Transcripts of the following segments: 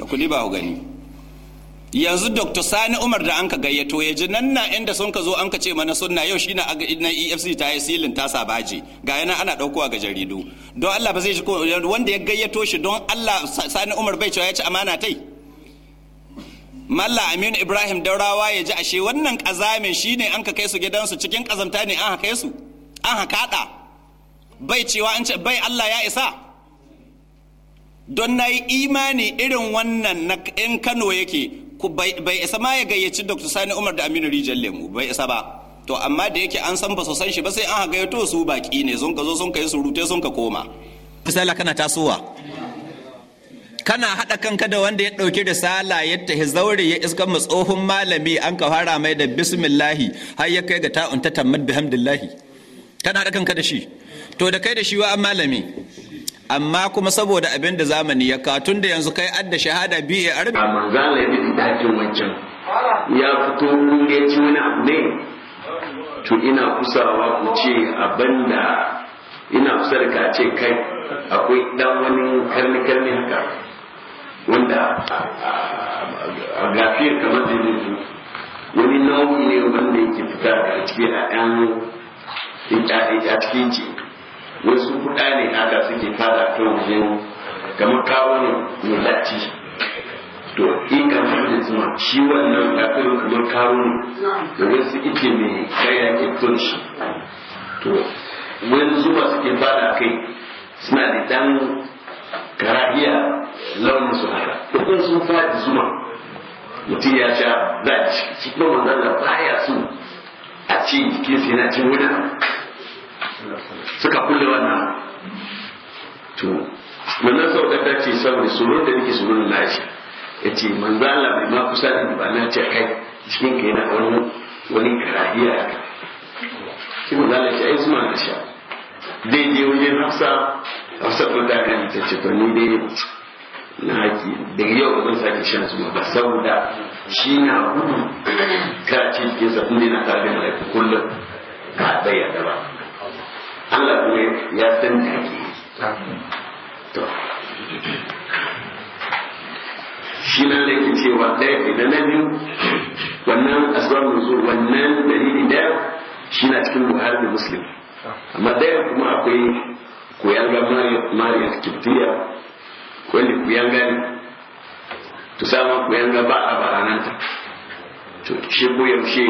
Da kudi ba ku gani yanzu dr sani umar da an ka gayyato ya ji nan na inda sun ka zo an ka ce mana sunna yau shi na efc ta yi silin ta sabaji ga yana ana ɗaukowa ga jaridu don allah ba zai shi wanda ya gayyato shi don allah sani umar bai cewa ya ci amana tai malla aminu ibrahim daurawa ya ji ashe wannan ƙazamin shi ne an ka kai su gidansu cikin ƙazamta ne an haka su an kaɗa bai cewa an ce bai allah ya isa don na yi imani irin wannan na in kano yake bai isa ma ya gayyaci dr sani umar da aminu rijal lemu bai isa ba to amma da yake an san ba su san shi ba sai an gayyato su baki ne sun ka zo sun ka yi surute sun ka koma misala kana tasowa kana haɗa kanka da wanda ya ɗauki risala ya tahi zaure ya iska mu tsohon malami an ka fara mai da bismillahi har ya kai ga ta'unta ta tammad bihamdillahi kana haɗa kanka da shi to da kai da shi wa an malami amma kuma saboda abin da zamani ya ka tun da yanzu kai adda shahada biye a rubuta manzan da dakin wancan ya fito ya ci wani abu ne to ina kusawa ku ce abin da ina kusa da ka ce kai akwai dan wani karni karni haka wanda a gafiyar kamar da yanzu wani nau'i ne wanda yake fita a cikin a cikin wasu kuɗa ne haka suke fada kan wajen kamar kawo ne lati. to in ka da zuma shi wannan kafin kamar kawo ne da wasu ike mai kaya ke kunshi to wani zuma suke fada kai suna da dan karahiya launin su haka dukkan sun fadi zuma mutum ya sha za a cikin manzan da baya su a ce jikinsa yana cin wani suka kulle wannan to wannan saukar ta ce saboda tsoron da nake tsoron lashi ya ce manzo Allah bai ma kusa da ba na ce kai cikin ka yana wani wani karahiya shi manzo Allah ce ai zuma na sha dai je wajen Hafsa Hafsa ko ta kan ta ce to ni dai na haƙi da yau ba zan sake shan su ba saboda shi na gudu ka ce cikin sa inda na tabi malaiku kullum ka bayyana ba Allah kuma ya san da ke. to shi nan da ke cewa ɗaya idan na biyu wannan asbab nuzul wannan dalili ɗaya shi na cikin buhari da muslim amma ɗaya kuma akwai koyar ga mariya kiftiya wanda koyanga ne to sama ga ba a barananta to shi ko yaushe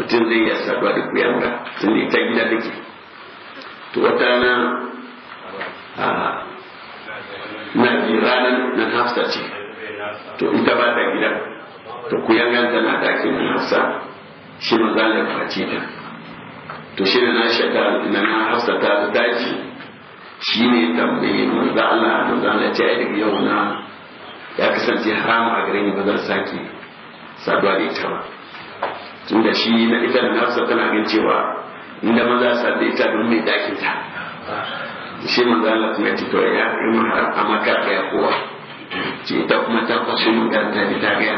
mutum zai yi saduwa da koyar ga tun da ita gida da ke to wata na a na ji ranar na hafsa ce to ita ba ta gida to ku ganta na dakin na hafsa shi ma zalar face ta to shi na shata na na hafsa ta daji shi ne tambaye manzo Allah manzo Allah ce ai yau na ya kasance haramu a gare ni ba zan sake saduwa da ita ba tunda shi na ita na hafsa tana gan cewa inda maza su da ita don mai dakin ta shi manzo Allah kuma ya to ya in a ka ya kowa ce ita kuma ta kwashe magana da ta ga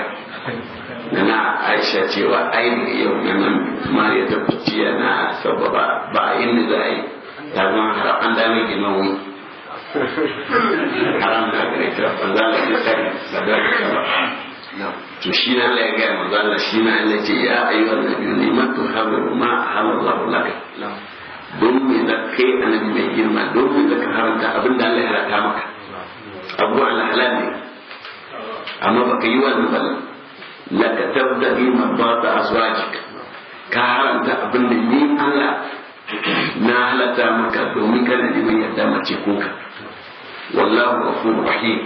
na na aisha cewa ne yau na nan mariya ta kuci na sababa ba inda za a yi ta zama har an dame gina wuni haram da gare ta ban za a yi ta da ba to shi na Allah ya gaya manzo shi na Allah ce ya ayyuhan nabiyyu liman tuharrimu ma ahallallahu laka don me da kai annabi mai girma don me da ka haramta abinda Allah ya rata maka abu ala halal ne amma baka yi wannan ba laka tabdai mabata azwajik ka haramta abinda ni Allah na halata maka domin kana mai yarda mace kuka wallahu ghafurur rahim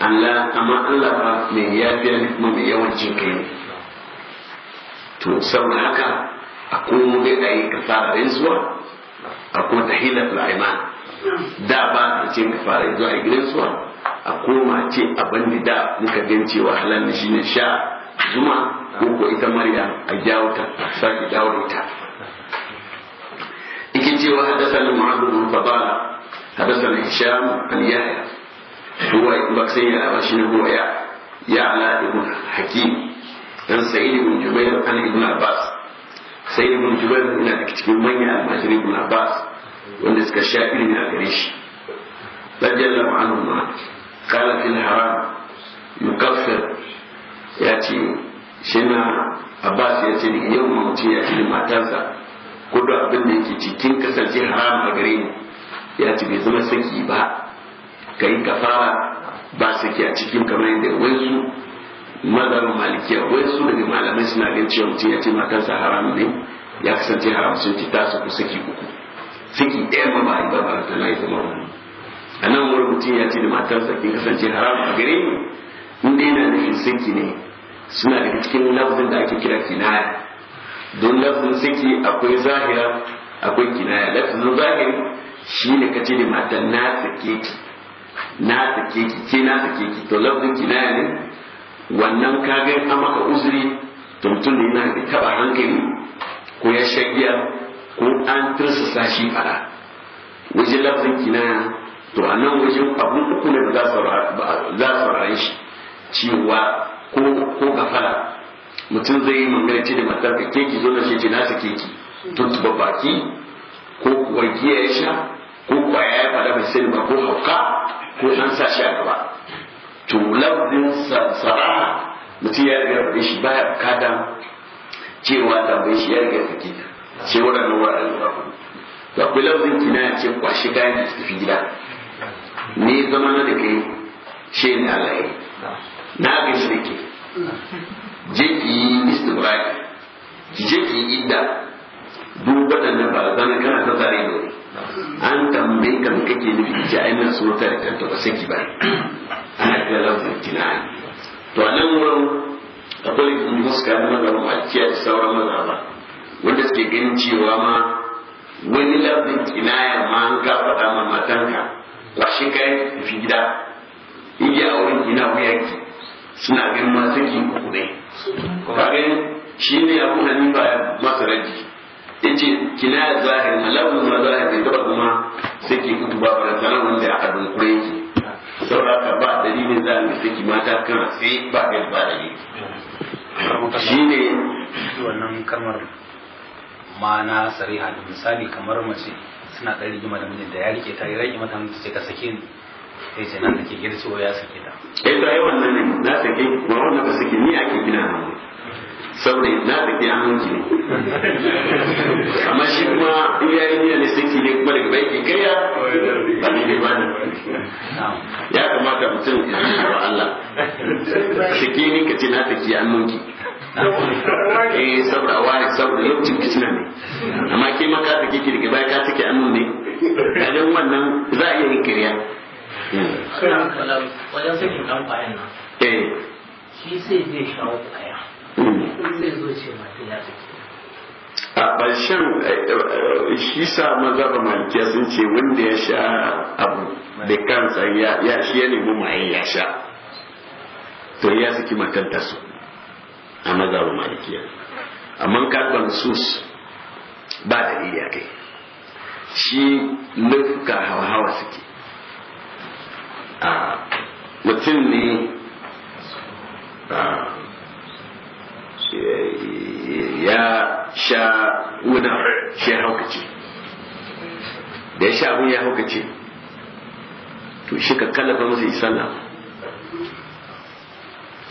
Allah amma Allah ba mai yafiya ne kuma mai yawancin kai to saboda haka akwai wani da yi kafara rinsuwa akwai ta hila al'aiman da ba a ce kafara zuwa a gidan suwa a kuma ce abin da da muka gan cewa halal ne sha zuma ko ko ita marya a jawo ta a sake dawo ita yake cewa hadasa ne mu'adu bin fadala hadasa ne hisham an yahya هو بقسينا وشين هو يا يا علاء بن حكيم yana da cikin manyan almajiri ibn abbas wanda suka sha ilimi a gare shi radiyallahu anhu ma qala fil haram yukaffir ya ce shi abbas ya ce yau mutum ya ce matarsa ko da abin da yake cikin kasance haram a gare ni ya ce bai zama saki ba ka yi kafara ba saki a cikin kamar yadda waisu mazarin malikiya waisu daga malamai suna ganin cewa mutum ya ce matarsa haram ne ya kasance haram sun ci tasa ku saki uku saki ɗaya ma ba a yi ba ba ta na yi zama wani a nan wani mutum ya ce da matarsa kin kasance haram a gare ni in dai na yin saki ne suna daga cikin lafzin da ake kira kinaya don lafzin saki akwai zahira akwai kinaya lafzin zahiri shi ne ka ce da matar na sake ki na sake ki ke na sake ki to lafzin na ne wannan ka ga an maka uzuri tuntun ne na da taba hankali ko ya shagiya ko an tirsasa shi waje wajen lafzin na to a nan wajen abun uku ne da za su rayu shi cewa ko gafala mutum zai yi magana ce da matar ka keki zo na shi ce na sake ki tuntuba baki ko kuwa giya ya sha ko kwaya ya faɗa bai sai ba ko hauka ko an sa shi a gaba to lafzin saraha mutum ya riga shi baya bukata cewa da bai shi ya riga da gida sai waɗannan wuraren da ku da ku lafzin kina ya ce kwashi kayan da tafi gida ne zama na da kai shi ne ya na ga shi da ke je istibrai yi je ki yi idda duk waɗannan ba zan kana ta tsare ne an tambaye ka me kake nufi ce ai mun surata ta kanta ta saki ba ana ga lafzin kinani to a nan wurin akwai muska na da malikiya da sauran mazaba wanda suke ganin cewa ma wani lafzin kinaya ma an ka faɗa ma matanka ba shi kai fi gida iya wurin ina wuyaki suna ganin ma saki uku ne ka ganin shi ne abu hanifa ya masa yace kila zahir malabu ma zahir da kuma sai ki kutuba barantana wanda aka dunkure ki saboda ba dalilin za mu saki mata kan sai ba da ba dalili shine wannan kalmar ma'ana sariha da misali kamar mace suna ɗan rigima da da ya rike ta ya rike mata mutu ce ka sake ni sai ce nan da ke gida ya sake ta eh to ai wannan ne na sake ba wannan ka sake ni ake gina na saboda na tafi an hanki amma shi kuma in ya yi niyan saki ne kuma daga baiki kariya ba ni ne ba ne ya kamata mutum ya yi wa Allah sake ni ka ce na tafi hanci hanki eh saboda wani saboda lokacin fitina ne amma ke maka ta ki daga baya ka take an ne kajan wannan za a iya yin kiriya wajen sakin dan bayan nan eh shi sai zai shawo zai zo mata ya a ƙarshen shi sa ba malikiya sun ce wanda ya sha abu da kansa ya shi ya nemi maye ya sha to ya saki makanta su a mazhar malikiya amma kalban sus ba da a kai shi laifuka hawa-hawa suke mutum ne ya sha wuna shi ya haukace da ya sha abin ya haukace to shi ka kallafa masa yi sallah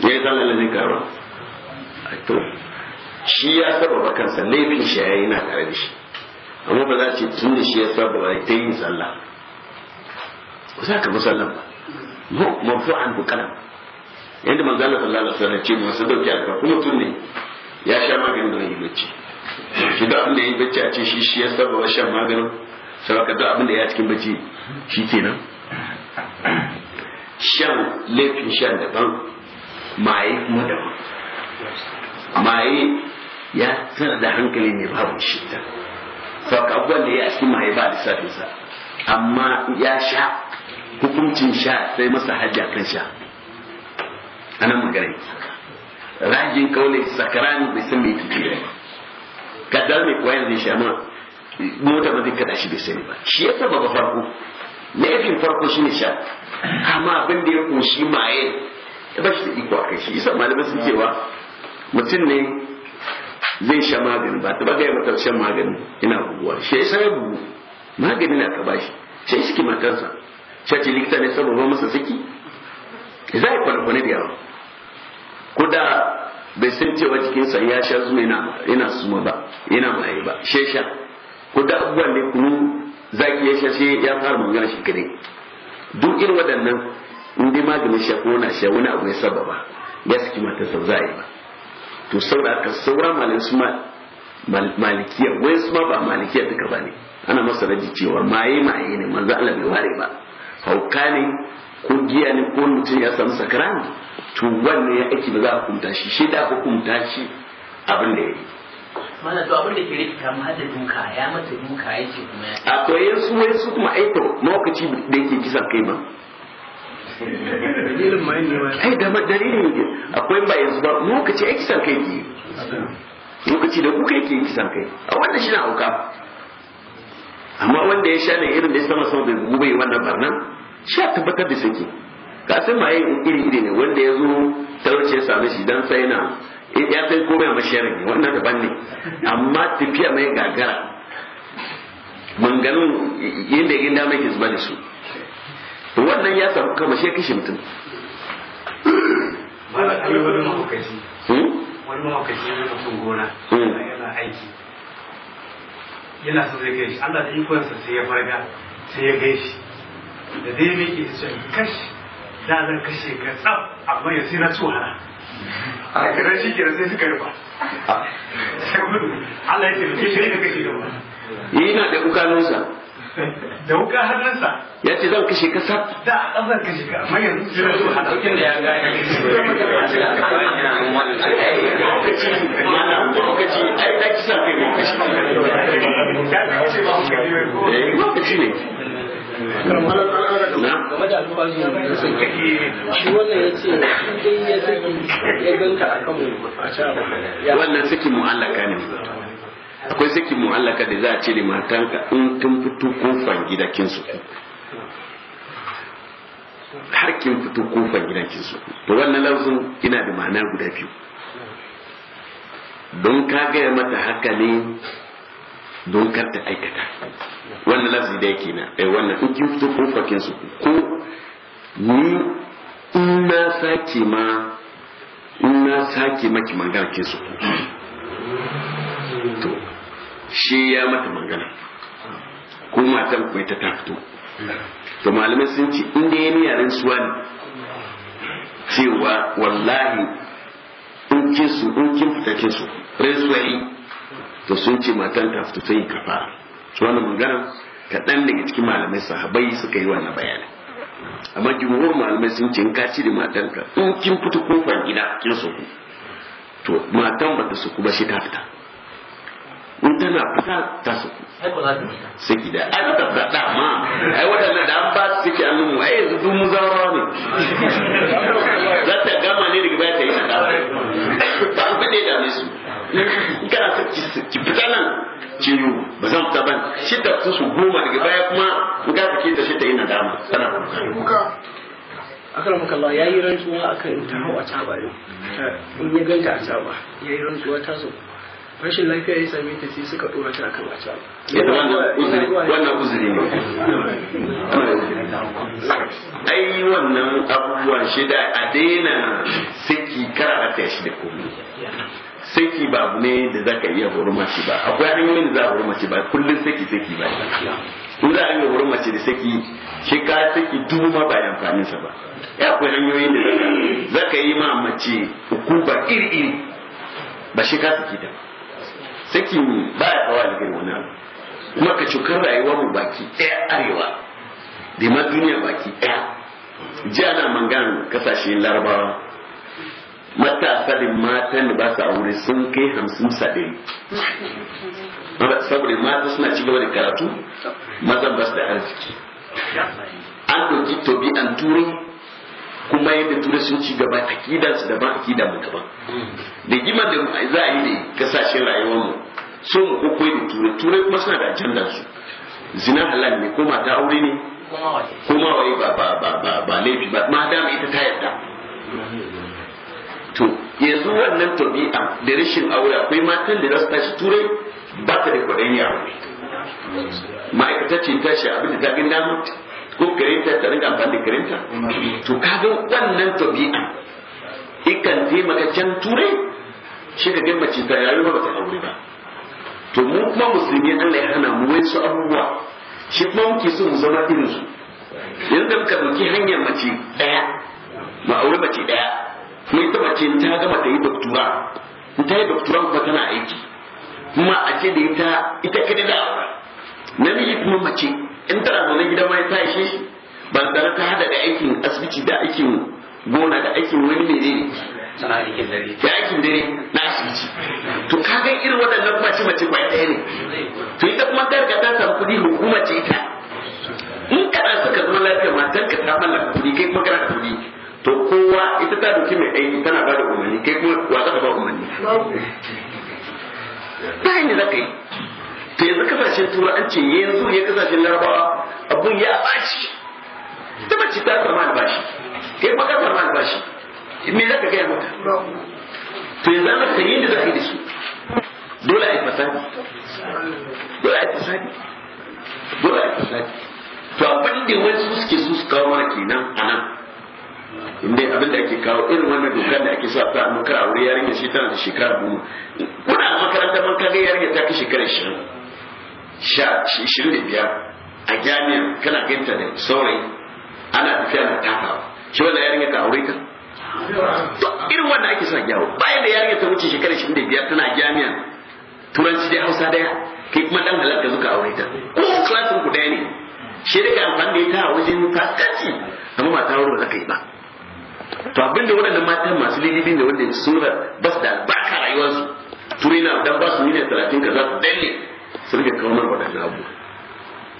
ya yi sallah lalin kama to shi ya sababa kansa laifin shi ya yi na tare da shi amma ba za ce tun da shi ya sababa ta yi sallah ba za ka musallan ba mafi an bukalan yadda manzo Allah sallallahu alaihi wasallam ce masu dauki alfa kuma tun ne ya sha maganin da yi bacci shi da abin da yi bacci a ce shi shi ya saba shan maganin saboda da abin da ya cikin bacci shi kenan shan laifin shan daban maye kuma daban maye ya tsara da hankali ne babu shidda saboda abubuwan da ya cikin maye ba lissafinsa amma ya sha hukuncin sha sai masa hajji kan sha ana magana rajin kaune sakaran bai san me yake ce ba kaddar mai kuwa yanzu shi amma mota ba zai kada shi bai sani ba shi yasa ba farko laifin farko ne sha amma abin da ya kunshi maye ba shi da iko akai shi yasa malamai sun cewa mutum ne zai sha magani ba ta bagaya matar shan magani ina buguwa shi yasa ya bugu magani na ka bashi sai suke matarsa sai ce likita ne saboda masa saki za a kwalkwale da yawa ko bai san cewa jikinsa ya sha zuwa yana suma ba yana maye ba shesha kuda da abubuwan ne kunu zaki ya sha shi ya fara magana shi kadai duk irin waɗannan in dai maganin sha ko na sha wani abu ya ba, ya saki matarsa za a yi ba to saboda ka saura malin su malikiya wai su ma ba malikiya duka ba ne ana masa raji cewa maye maye ne manzo Allah bai ware ba hauka ne ko giya ne ko mutum ya samu sakaran to wannan ya aiki ba za a hukunta shi shi da hukunta shi abin da ya yi mana to abin da ke rikita mu hada ya mata ya ce kuma ya akwai yansu wayansu kuma aiko lokaci da yake kisan kai ma ai da dalilin akwai ba yanzu ba lokaci ai kisan kai lokaci da kuka yake kai a wannan shi na hauka amma wanda ya sha ne irin da ya sama sau da gube wannan barnan shi a tabbatar da sake ka san ma iri iri ne wanda ya zo talauci ya same shi dan sai na ya sai komai a masharin ne wannan daban ne amma tafiya mai gagara manganun yadda yin damar ke zuba da su wannan ya samu kama shi ya kashe mutum wani mahaukaci yana hmm? mutum gona hmm. yana aiki yana so zai gaishe Allah da ikonsa sai ya farga sai ya gaishe da dai mai ke ce kashi da zan kashe ka tsaf amma ya sai na ci wahala a kaza shi kira sai suka rufa Allah ya taimake shi ka kashe gaba yana da kukanunsa da wuka hannunsa ya ce zan kashe ka da a zan kashe ka amma yanzu sai na da ya lokaci ai da kai ne game da alfashi da suke shi wannan ya ce in dai ya saki ya ganka a kan wannan saki mu'allaka ne akwai saki mu'allaka da za a ce da matanka in kun fito kofan gida kin su har kin fito kofan gida kin su to wannan lafzin ina da ma'ana guda biyu don ka gaya mata haka ne don kar ta aikata wannan lafzi da yake na eh wannan in kin fito ko fakin su ko ni in na sake ma in na sake maki magana kin su to shi ya mata magana ko matan ku ita ta fito to malamai sun ci in da yayin yaren suwa ne cewa wallahi in kin su in kin fita kin su rai to sun ce matan ta fito sai kafara su wannan magana kaɗan daga cikin malamai sahabai suka yi wannan bayanin amma jimuwar malamai sun ce in ka cire matanka in kin fita kofar gida kin suku to matan ba ta suku ba shi ta fita in tana fita ta suku sai gida ai ba ta fita dama ai waɗanda da an ba su suke annun mu ai yanzu mu muzarawa ne za ta gama ne daga baya ta yi na ba an fade da su kana so ki fita nan ciwo ba zan fita ban shi ta fita su goma daga baya kuma in ka fike da shi ta dama nadama tana akan maka Allah ya yi rantsuwa akan ta hau a caba ne in ya ganta a tsaba ya yi rantsuwa ta zo rashin lafiya ya same ta sai suka dora ta akan a tsaba ya caba wannan uzuri ne ai wannan abubuwan shida a daina saki kara ta shi da komai saki ba abu ne da zaka iya hurma shi ba akwai hanyoyin da za a hurma shi ba kullun saki saki ba in za a iya hurma shi da saki shi ka saki dubu ma ba amfanin sa ba ya akwai hanyoyin da zaka ka yi ma mace hukuma iri iri ba shi ka saki ta saki ba ya kawo da gani wani abu kuma ka cukar rayuwar mu baki ɗaya arewa da ma duniya baki ɗaya jiya na mangan kasashen larabawa matasa da matan da ba su aure sun kai hamsin sadin saboda mata suna ci gaba da karatu mazan ba su da arziki an ɗauki an turai kuma yadda turai sun ci gaba a da ba daban kidan mu daban da gima da za a yi da kasashen rayuwar mu so mu kokoi da turai turai kuma suna da ajandar su zina halal ne ko mata aure ne ko ma waye ba ba ba ba laifi ba ita ta yadda to yanzu wannan tabi'a da rashin aure akwai matan da za shi turai ba ta da kwaɗayin yaro ma'aikata ce tashi abin da ta gina ko karinta ta rinka amfani da karinta to ga wannan tabi'a ikan taimaka can turai shi ka gan mace ta yayi ba ta aure ba to mu kuma musulmi Allah ya hana mu wasu abubuwa shi kuma muke so mu zama irin su yanzu da muka dauki hanyar mace daya mu aure mace daya mai taba ce ta gama ta yi doktura ta yi doktura kuma tana aiki kuma a ce da ita ita kada da aura namiji kuma mace in tana zaune gida ma ta ishe shi ba tare ta hada da aikin asibiti da aikin gona da aikin wani mene ne aikin dare na asibiti to ka ga irin waɗannan kuma ce mace kwaya ɗaya ne to ita kuma ta riga ta samu kuɗi hukuma ce ita in kana suka zo lafiya matan ka ta mallaka kuɗi kai kuma kana kuɗi to kowa ita ta doki mai aiki tana ba da umarni kai kuma wa za ba umarni ta hanyar za ka yi ta yanzu kasashen tura an ce yanzu ne kasashen larabawa abun ya ɓaci ta mace ta samu albashi kai kuma ka samu albashi me za ka gaya mata to yanzu an rasa yin da za ka yi da su dole a yi fasadi dole a yi fasadi dole a yi fasadi to abin da wasu suke su su kawo mana kenan a nan inda abin da ake kawo irin wannan dokar da ake sa ta amma kar aure yarinya shi tana da shekara goma kuna makaranta man kaga yarinya ta kai shekara ishirin sha Shirin da biyar a jami'a kana ganta da saurayi ana tafiya na takawa shi wannan yarinya ta aure ka irin wannan ake sa gyawo bayan da yarinya ta wuce shekara ishirin da biyar tana jami'a turanci da hausa daya kai kuma dan halakka zuka aure ta ko klasin ku daya ne shi da amfani da ita a wajen fasikanci amma ba ta aure ba za ka yi ba to abin da waɗannan mata masu lilibi da wanda da ba su da baka rayuwarsu turai na dan ba su miliyan talatin ka za su danne su rike kaunar waɗannan abubuwa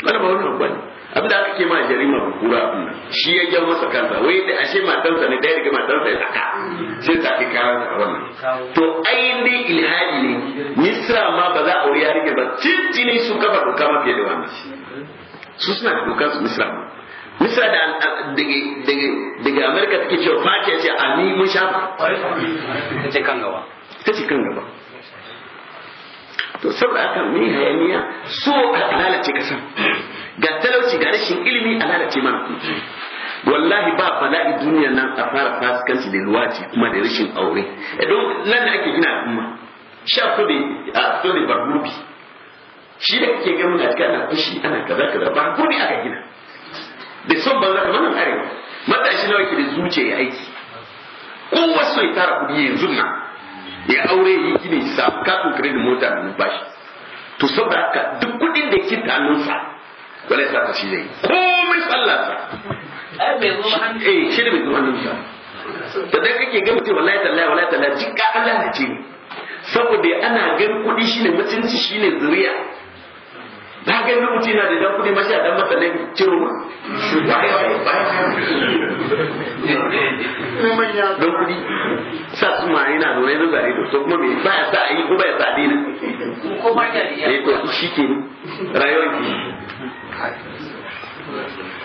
wani ba wani abuwa ne abin da aka ke ma jarima kura abin nan shi ya gyan masa kansa wai da ashe matansa ne daya daga matansa ya saka sai ta ke karan a wannan to ainihin dai ilhadi ne misra ma ba za a wuri ya rike ba jini su kafa doka mafiya da wannan su suna da dokar su misra ma Misira da daga amerika take cewa fatiya ce ni mun shafa ta ce kan gaba ta ce kan gaba to saboda haka mai hayaniya so a lalace kasan ga talauci ga rashin ilimi a lalace mana wallahi ba bala'i duniyar nan a fara fasikanci da luwaci kuma da rashin aure eh, don nan da ake gina kuma sha ku da a fito da barbubi shi da kake gani a cikin ana fushi ana kaza kaza ba ko ne aka gina banza kamar nan arewa matashi nawa ke da zuciya ya aiki ko wasu ya tara kudi yanzu na ya aure yi gini sa ka kafin kredit mota da bashi to saboda haka duk kudin da ke tanunsa wala sa kashi zai mai sallah sa eh bai zo hannun eh shi ne bai zo hannun sa da dai kake ga mutum wallahi tallahi wallahi tallahi jikka Allah ne ce saboda ana gan kudi shine mutunci shine zuriya da haka yanzu mutum yana da idan kudi mashi a dan masa laifi ciro ma waye waye waye dan kuɗi sa su ma yana da wani zare da kuma me baya sa a yi ko ya sa a dina ko ba ya yi eh, to shi ke rayuwar ki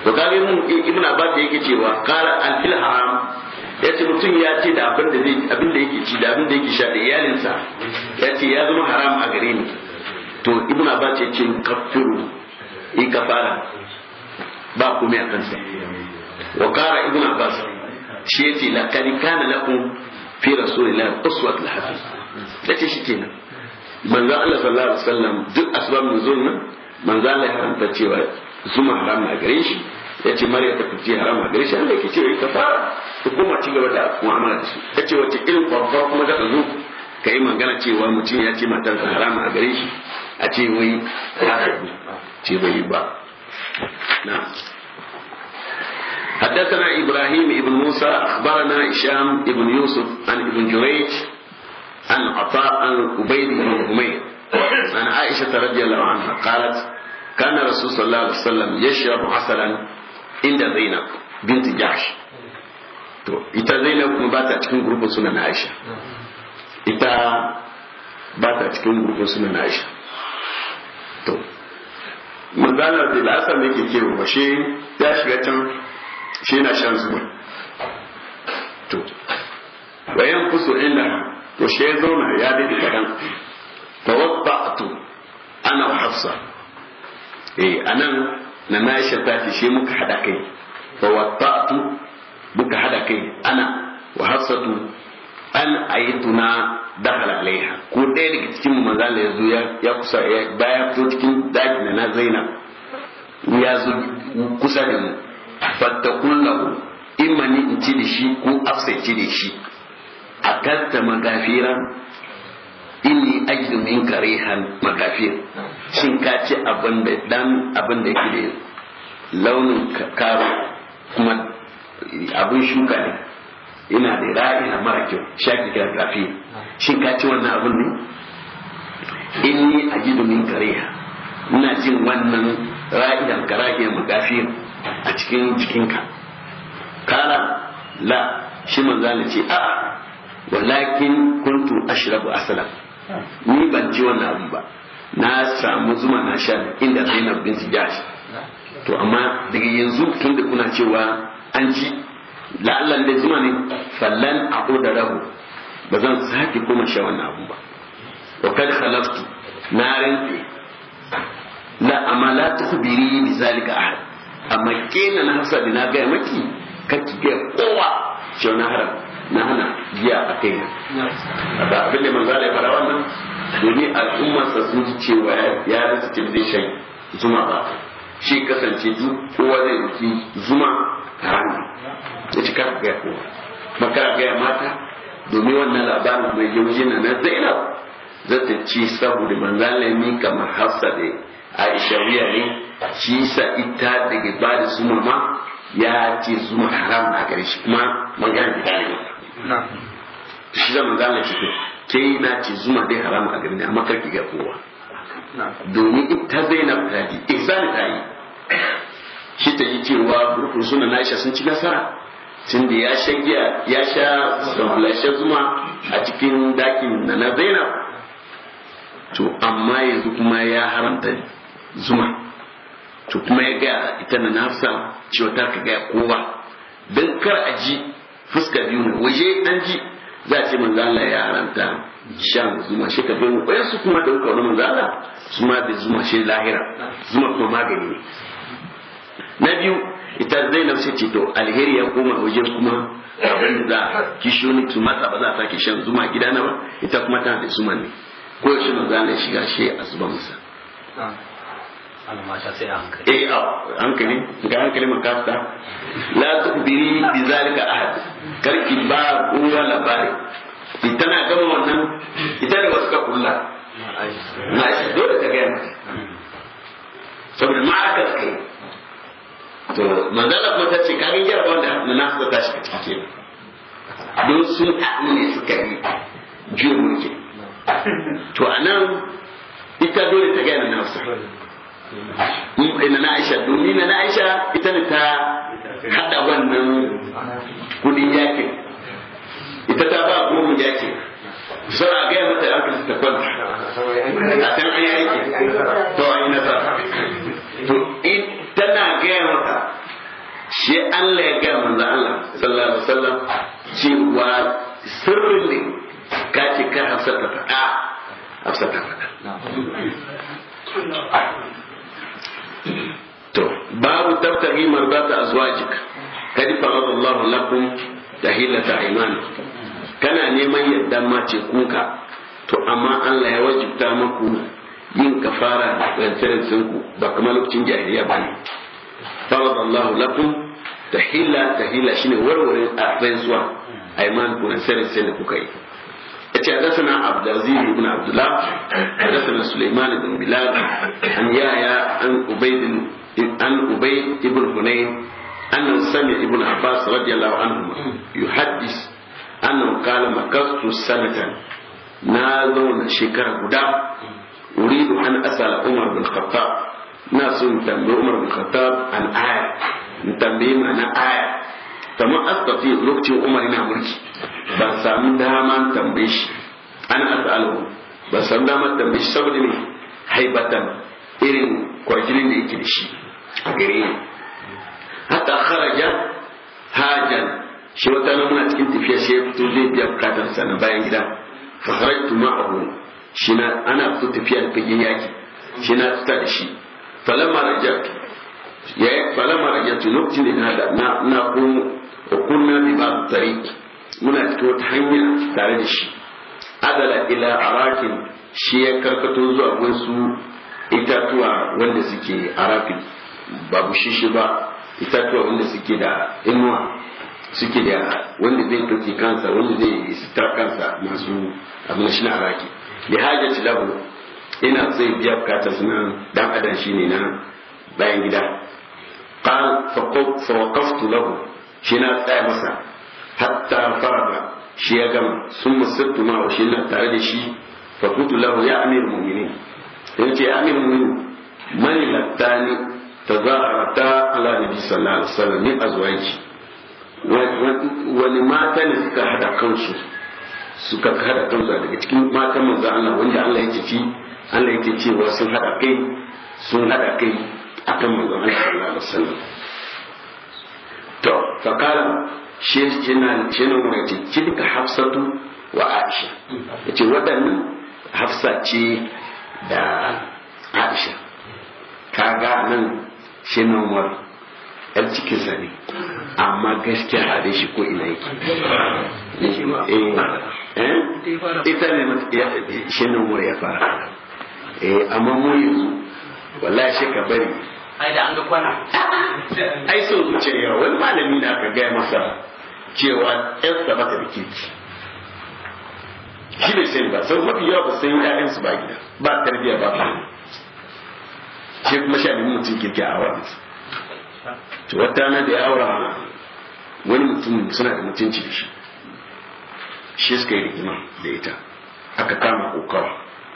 to ga mu ibn abbas yake cewa qala al fil haram ya ce mutum ya ce da abin da yake ci da abin da yake sha da iyalinsa ya ce ya zama haram a gare ni to ibn abbas ya ce kafiru in kafara ba kome a kansa wa kara ibn abbas shi yace la laqad kana lakum fi rasulillahi uswatul hasana yace shi kenan manzo Allah sallallahu alaihi wasallam duk asbab nuzul nan manzo Allah ya haramta cewa zuma haram a gare shi yace mariya ta kuce haram a gare shi Allah yake cewa kafara hukuma ci gaba da mu'amala da shi yace wace irin kwabba kuma da zo ka yi magana cewa mutum ya ce matarsa haram a gare shi أتيوي ce wai ce حدثنا إبراهيم ابن موسى أخبرنا هشام ابن يوسف عن ابن جريج عن عطاء عن عبيد بن حمير عن عائشة رضي الله عنها قالت كان الرسول صلى الله عليه وسلم يشرب عسلا عند زينب بنت جحش ita zainab kuma ba ta cikin gurbin sunan aisha ita ba ta cikin gurbin sunan aisha to manzalar da lasar da ke kewa ba shi ya shiga can shi na shan zuwa to bayan kusur inda to shi ya zauna ya daɗe kaɗan to ana hafsa eh anan na na shi ta ce shi muka hada kai to muka hada kai ana wa hafsatu an tuna. dakhala alaiha ko ɗaya daga cikin mu manzo Allah yazo ya kusa ya baya fito cikin daji na Zainab ya zo kusa da mu fattakullahu imma ni in ci da shi ko afsa ci da shi akalta magafira inni ajdu min karihan magafir shin ka ci abin da dan abin da yake da launin karo kuma abin shuka ne ina da ra'ayi na mara kyau shaki kira kafir shin ka ci wannan abin ne inni ajidu min kariha ina jin wannan ra'iyan karage magafiyar a cikin jikinka kala la shi manzana ce a'a walakin kuntu ashrabu asalam. ni ban ci wannan abu ba na samu zuma na sha inda Zainab bin Jash to amma daga yanzu tun da kuna cewa an ji la'allan da zuma ne fallan aquda ba zan sake kuma sha wannan abu ba wa kad khalaqtu na rantsi la amala tukhbiri bi zalika ahad amma kina na hasa na ga maki kake ga kowa shi na haram na hana giya a kai na ba abin da manzo ya fara wannan domin al'umma sa sun ji cewa ya rasa cin zai shan zuma ba shi kasance duk kowa zai yi zuma haram ne ya ci kar ga kowa makara ga mata domin wannan labarin mai yauji na na zainab za ta ci saboda manzan lami kamar hafsa da aisha wuya ne shi sa ita daga ba da zuma ma ya ce zuma haram a gare shi kuma magana da gane shi da manzan ce ke na ce zuma dai haram a gare ni amma karki ga kowa domin ita zainab ta ji ta yi shi ta yi cewa rukun suna na aisha sun ci nasara tunda ya sha giya ya sha sabulashe zuma a cikin dakin na na zainab to amma yanzu kuma ya haramta zuma to kuma ya gaya ita na nafsa cewa ta ka gaya kowa don kar a ji fuska biyu ne waje dan ji za a ce manzo Allah ya haramta shan zuma shi ka bin wayan su kuma da kawo manzo Allah su ma da zuma shi lahira zuma kuma magani ne na biyu ita na sai ce to alheri ya koma wajen kuma abin da za ki shoni su mata ba za a sake shan zuma gidana ba ita kuma tana da zuma ne ko yaushe manzo Allah shiga shi a zuba masa ah, eh hankali ga hankali makasta la tukbiri bi zalika ahad karki ba kowa labari ita na gama wannan ita da wasu ka kulla na shi dole ka ga hmm. saboda ma kai to manzala kuma ta ce kagin jarabar wanda nasu ta tashi ciki kenan don sun haɗu ne suka yi juyin mulki to a nan ita dole ta gaya na nasu ina na aisha domin na na aisha ita ne ta haɗa wannan kudin yaƙi ita ta ba goma yaƙi sau a gaya mata su ta kwanta a can an yi aiki to gaya maka shi Allah ya gaya manzo Allah sallallahu alaihi wasallam cewa sirrin ne ka ce kar hafsa ta faɗa hafsa ta faɗa to babu tabtaghi marbata azwajik kadi farada Allah lakum tahillata iman kana neman yadda ma ce kuka to amma Allah ya wajibta maku yin kafara da tsirrin sunku ba kamar lokacin jahiliya ba ne farada Allah lakum tahila tahila shine warware rantsuwa aiman ku sai sai da kuka yi yace hadathana Abdulaziz ibn Abdullah hadathana Sulaiman ibn Bilal an yaya an Ubayd an Ubayd ibn Hunayn أنه سمع ابن عباس رضي الله عنهما يحدث أنه قال مكثت سنة نازون شكر guda أريد أن أسأل عمر بن الخطاب na so in tambayi umar bin khattab an aya in tambayi mana aya kamar astafi lokacin umar yana mulki ba samu dama tambaye shi an as'alu ba samu dama tambaye shi saboda ne haibatan irin kwarjinin da yake da shi a gare ni hatta kharaja hajan shi wata nan muna cikin tafiya shi ya fito zai biya bukatar sa na bayan gida fa kharajtu ma'ahu shi na ana fito tafiya da fage yaki shi na fita da shi falamma rajatu ya falamma rajatu lokacin da na da na na kunna bi ba muna cikin wata hanya tare da shi adala ila arakin shi ya karkato zuwa wasu itatuwa wanda suke arakin ba bushishi ba itatuwa wanda suke da inuwa suke da wanda zai ɗauki kansa wanda zai sitar kansa masu abin shi na araki da ina zai biya bukatar suna dan adam ne na bayan gida qal fa waqaftu lahu shi na tsaya masa hatta faraba shi ya gama sun musattu ma shi na tare da shi fa kuntu lahu ya amir mu'minin yace ya amir mu'minin man lattani tazarata ala nabi sallallahu alaihi wasallam ni azwaji wani mata ne suka hada kansu suka hada kansu daga cikin matan manzo Allah wanda Allah ya ci Allah yake cewa sun haɗa kai sun haɗa kai kan manzon Allah sallallahu alaihi wasallam to fa kala shi yana ce mai ka hafsatu wa aisha yace wadannan hafsa ce da aisha kaga nan shi nan war yar cikin ne amma gaskiya dai shi ko ina yake eh, eh, ita ne shi nan war ya fara eh amma mu yanzu wallahi shi ka bari ai da an ga kwana ai so zuciya yawa wani malami na ka gaya masa cewa yan sa bata da kirki shi ne sai ba sai mafi yawa ba san ƴaƴan su ba gida ba tarbiyya ba ba shi kuma sha ne mutum kirki a awa to wata na da ya aura wani mutum suna da mutunci da shi shi suka yi rigima da ita aka kama kokawa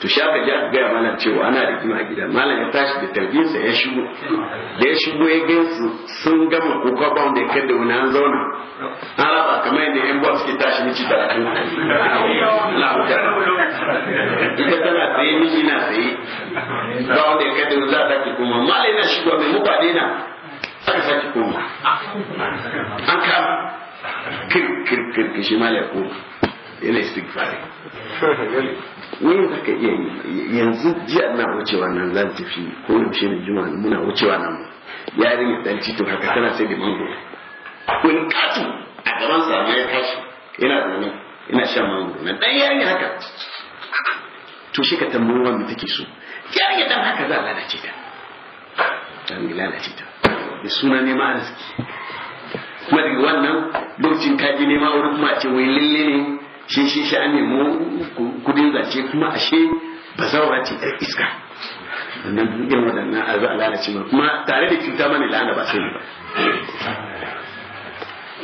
to shaka ja ku gaya malam cewa ana da kima gida malam ya tashi da talbinsa ya shigo da ya shigo ya gan su sun gama kuka ba wanda ya da wani an zauna an raba kamar yadda yan bawa suke tashi miki da rakin ita tana tsaye miji na tsaye ba wanda ya kada wani za ta ke koma malam yana shigo mai muka daina aka sake koma an kama kirkirkir shi malam ya koma yana istighfari me za ka iya yi yanzu jiya na wucewa nan zan tafi ko yaushe ne juma muna wucewa nan yarinya dan cito haka tana sai da mango wani katu a gaban sa ya tashi yana zaune ina shan mango na dan yarinya haka to shi ka tambayi wanda take so ya dan haka za a lalace ta dan lalace ta da suna neman arziki kuma daga wannan lokacin kaji nema wurin kuma a ce wai lalle ne shi shi sha mu kudin zace kuma ashe ba zaura ce yar iska wannan irin waɗannan a za'a lalace ba kuma tare da cuta mani lana ba sai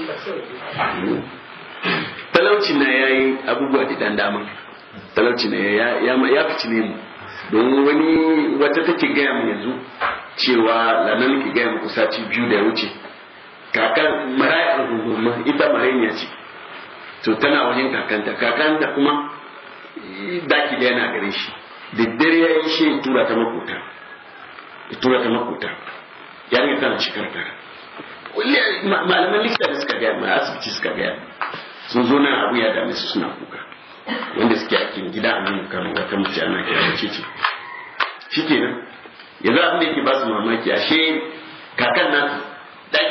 ba talauci na ya yi abubuwa da dan dama talauci na ya fici ne mu don wani wata take gaya mu yanzu cewa lanar ki gaya mu kusa biyu da ya wuce kakar mara rungumma ita mara ya ce to tana wajen kakanta kakanta kuma daki da yana gare shi da dare ya yi shi tura ta makota ya tura ta makota ya yi tana shekara tara malaman likita da suka gaya ma asibiti suka gaya sun zo nan abu ya dame su suna kuka wanda suke ake gida a nan kan wata mace ana kira cece shi kenan yanzu abin da yake ba su mamaki ashe kakan nasu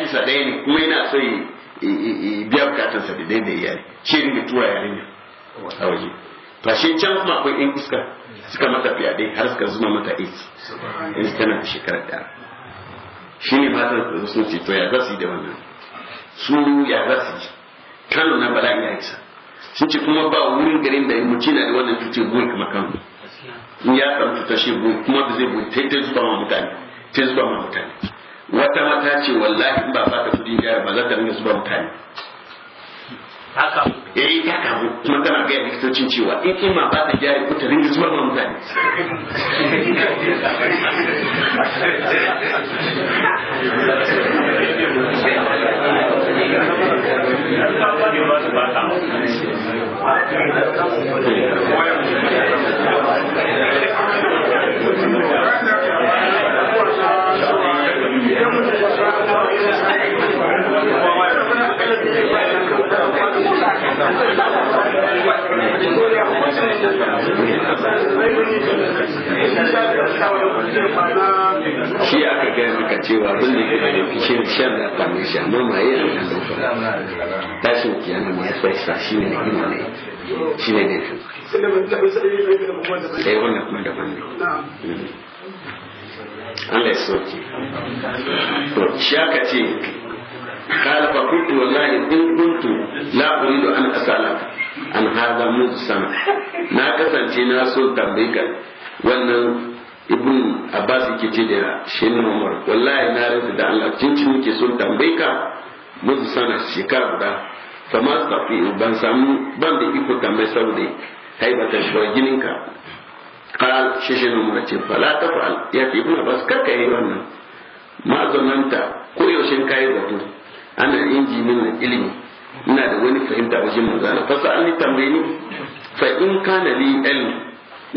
sa ɗaya ne kuma yana so yi biya bukatansa da daidai iyali shi ringa tura yarinya a waje to shi can kuma akwai yan iska suka mata fiyade har suka zuma mata aiki in tana da shekarar da shi ne matan da sun ce to ya za su yi da wannan su ya za su yi kano na bala'i ya isa sun ce kuma ba wurin garin da mutum na da wannan cutar buwai kamar kano in ya samu cutar shi buwai kuma da zai buwai ta zuba ma mutane ta zuba ma mutane wata mata ce wallahi in ba ba ta kudi gyara ba za ta rinka zuba mutane haka eh ta kamu kuma tana ga likitocin cewa in in ma ba ta gyara ko ta rinka zuba mutane Thank you. shi aka gaya maka cewa abin da ke da shan da amfani shi amma ma yi a kan tashin kiyama ma ya sa shi ne gina ne shi ne ne eh wannan kuma daban ne Allah ya soke shi aka ce kala fa kuntu wallahi in kuntu la uridu an asala an hada mun sama na kasance na so tambayi wannan ibn abbas yake ce da ne umar wallahi na rasa da Allah cincin yake so tambayi mutu mun sana shekara guda fa ma ban samu ban da iko tambayi saboda haibatar shawar jininka قال شيشن مرتين فلا تفعل يا في ابن عباس كركا يا wannan ma zonanta ko yaushe ka kai zato ana inji min ilimi ina da wani fahimta wajen manzana fa sa'alni tambayni fa in kana li ilmi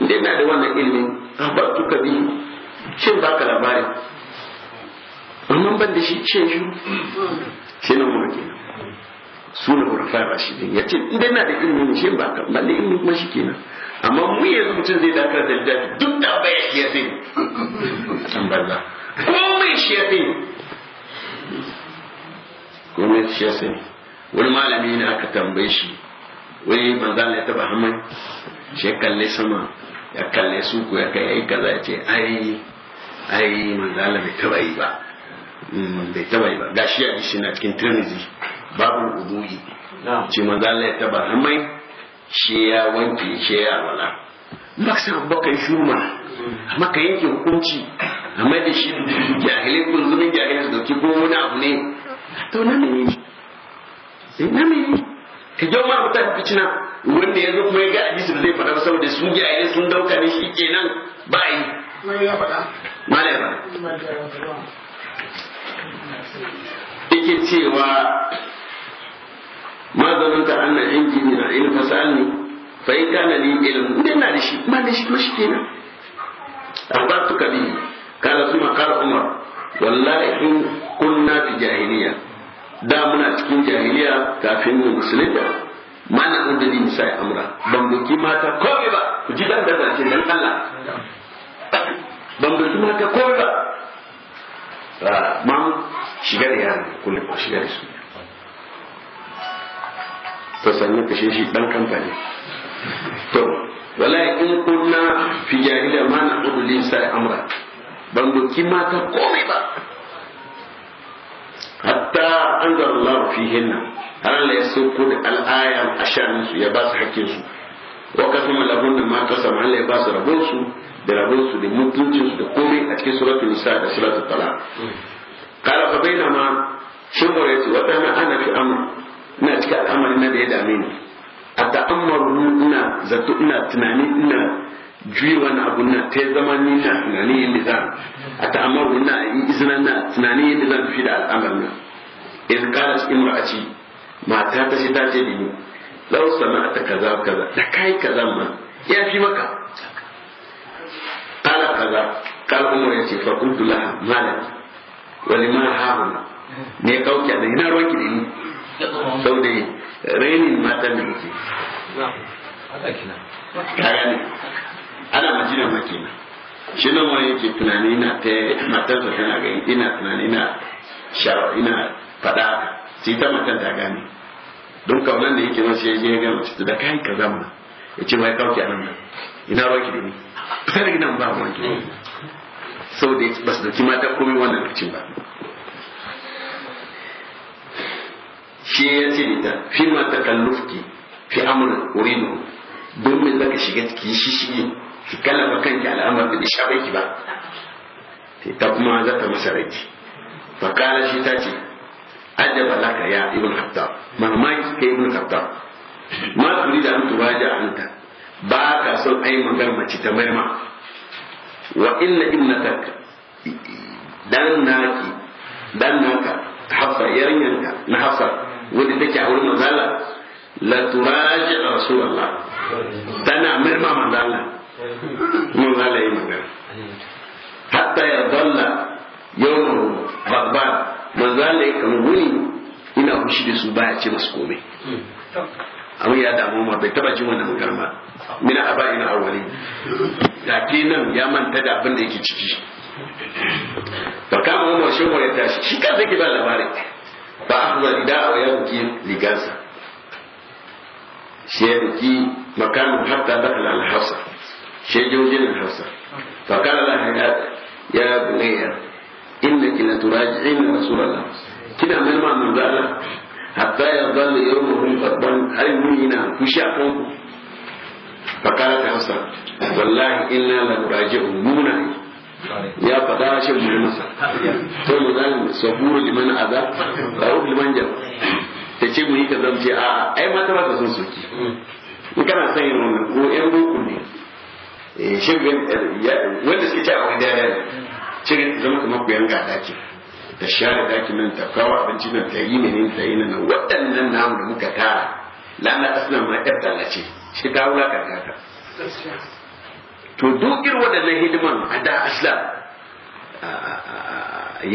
inda ina da wannan ilimin abartu ka bi shin baka labari amma ban da shi ce shi shi na mu kenan su fara shi ne, ya ce idan na da ilimin ne shi ba ka balle ilimi kuma shi kenan amma mu yanzu mutum zai dakar da littafi duk da baya shi ya sani an banza komai shi ya komai shi ya wani malami ne aka tambaye shi wani Allah ya taba hamai shi kalle sama ya kalle su ko ya kai yayi kaza ya ce ai ai Allah bai taba yi ba hmm, bai taba yi ba gashi ya shi na cikin tirmizi babu uduyi ce manzo Allah ya taba hamai shi ya wanke shi ya wala maksa ba kai shuma maka yanke hukunci amma da shi jahilai kun zumin jahilai su dauki ko wani abu ne to na ne sai eh, na ne ka jau ma mutan ficina wanda ya zo kuma ya ga hadisi da zai fada ba saboda su jahilin sun dauka ne shi kenan ba yi malama yake cewa ma zananta anna injiniya in fasalni fa in kana li ilm inda na da shi ma da shi kuma shi kenan akhbartuka bihi kala kuma qala umar wallahi in kunna fi jahiliya da muna cikin jahiliya kafin mu musulunta mana an dadi misai amra ban mata komai ba ku ji dan dan ce dan Allah mata komai ba ah, ma shiga da yaran kullum shiga da to sannan kashe shi dan kamfani to wala in kunna fi jahiliya ma na udu li sai amra ban doki mata komai ba hatta an da Allah fi hinna har Allah ya sauko da al'ayan ashan su ya ba su hakkin su wa kasama lahunna ma kasama Allah ya ba su rabon su da rabon su da mutuncin su da komai a cikin suratul nisa da suratul talaq hmm. qala fa bainama shubra yace wa ana ana fi amr ina cikin al'amari na da ya dame ni a ta'ammaru ina zato ina tunani ina juyi wani abu na ta zama ni na tunani yin da zan a ta'ammaru na yi izina na tunani yin da zan fi da al'amari na in kala cikin ra'aci mata ta shi ta ce da ni lau sama ta kaza kaza da kai kaza ma ya fi maka kala kaza kala umar ya ce fakultu laha malam wani ma hahuna ne kauke da ina ruwanki da ni sau da rainin matan da muke kayan ana majina makina shi nan wani yake tunani na ta matarsa tana gani ina tunani na shara ina fada sai ta matan ta gane don kaunan da yake masu yaje ya gama da kayan ka zama ya ce mai kauke a nan ina ruwanki da ni fara gidan ba ruwanki sau da ba su dauki mata komai wannan lokacin ba shi ya ce da ta fi ma takallufki fi amr uridu domin me ka shiga cikin shishigi ki kalaba kanki al'amar da sha ki ba ta kuma za ta masa raji fa kala shi ta ce ajaba laka ya ibn hattab mamaki kai ibn hattab ma turi da mutu raja anta ba ka son ai magar mace ta maima wa inna ibnatak dan naki dan naka hafsa yarinyanka na hafsa wadda take a wurin manzala la turaji rasulullah tana mirma manzala manzala yi magana hatta ya dalla yawon babba manzala ya kan ina kushi da su baya ce masu komai abu ya damu ma bai taba jin wannan magana ba mina aba ina awali da ke nan ya manta da abin da yake ciki ba kama umar shi ya tashi shi kan zai ba labarin kuma da a ya buki ligansa shi ya buki makanu hatta da kan hafsa shi ya jojin al-hafsa ba kana laha ya bunayya innaki la turaji'ina rasulullah kina mai yau manzo Allah babban yadhallu yawmuhum qadban ay munina ku ba kana hafsa wallahi inna la turaji'u ya faɗa shan mu masa to mu zan saburu liman azab ra'u liman jam ta ce mu yi kaza mu ce a'a ai mata ba ta son soki in kana son yin wannan ko yan boko ne eh, shin wanda suke ce a wani daya ne cin zama kamar ku yanga daki da share daki nan ta kawo abinci nan ta yi ne ne ta yi nan waɗannan namu da muka tara lana asna ma ƴar ce, shi ta wulakanta ta to duk irin waɗannan hidiman a da aslam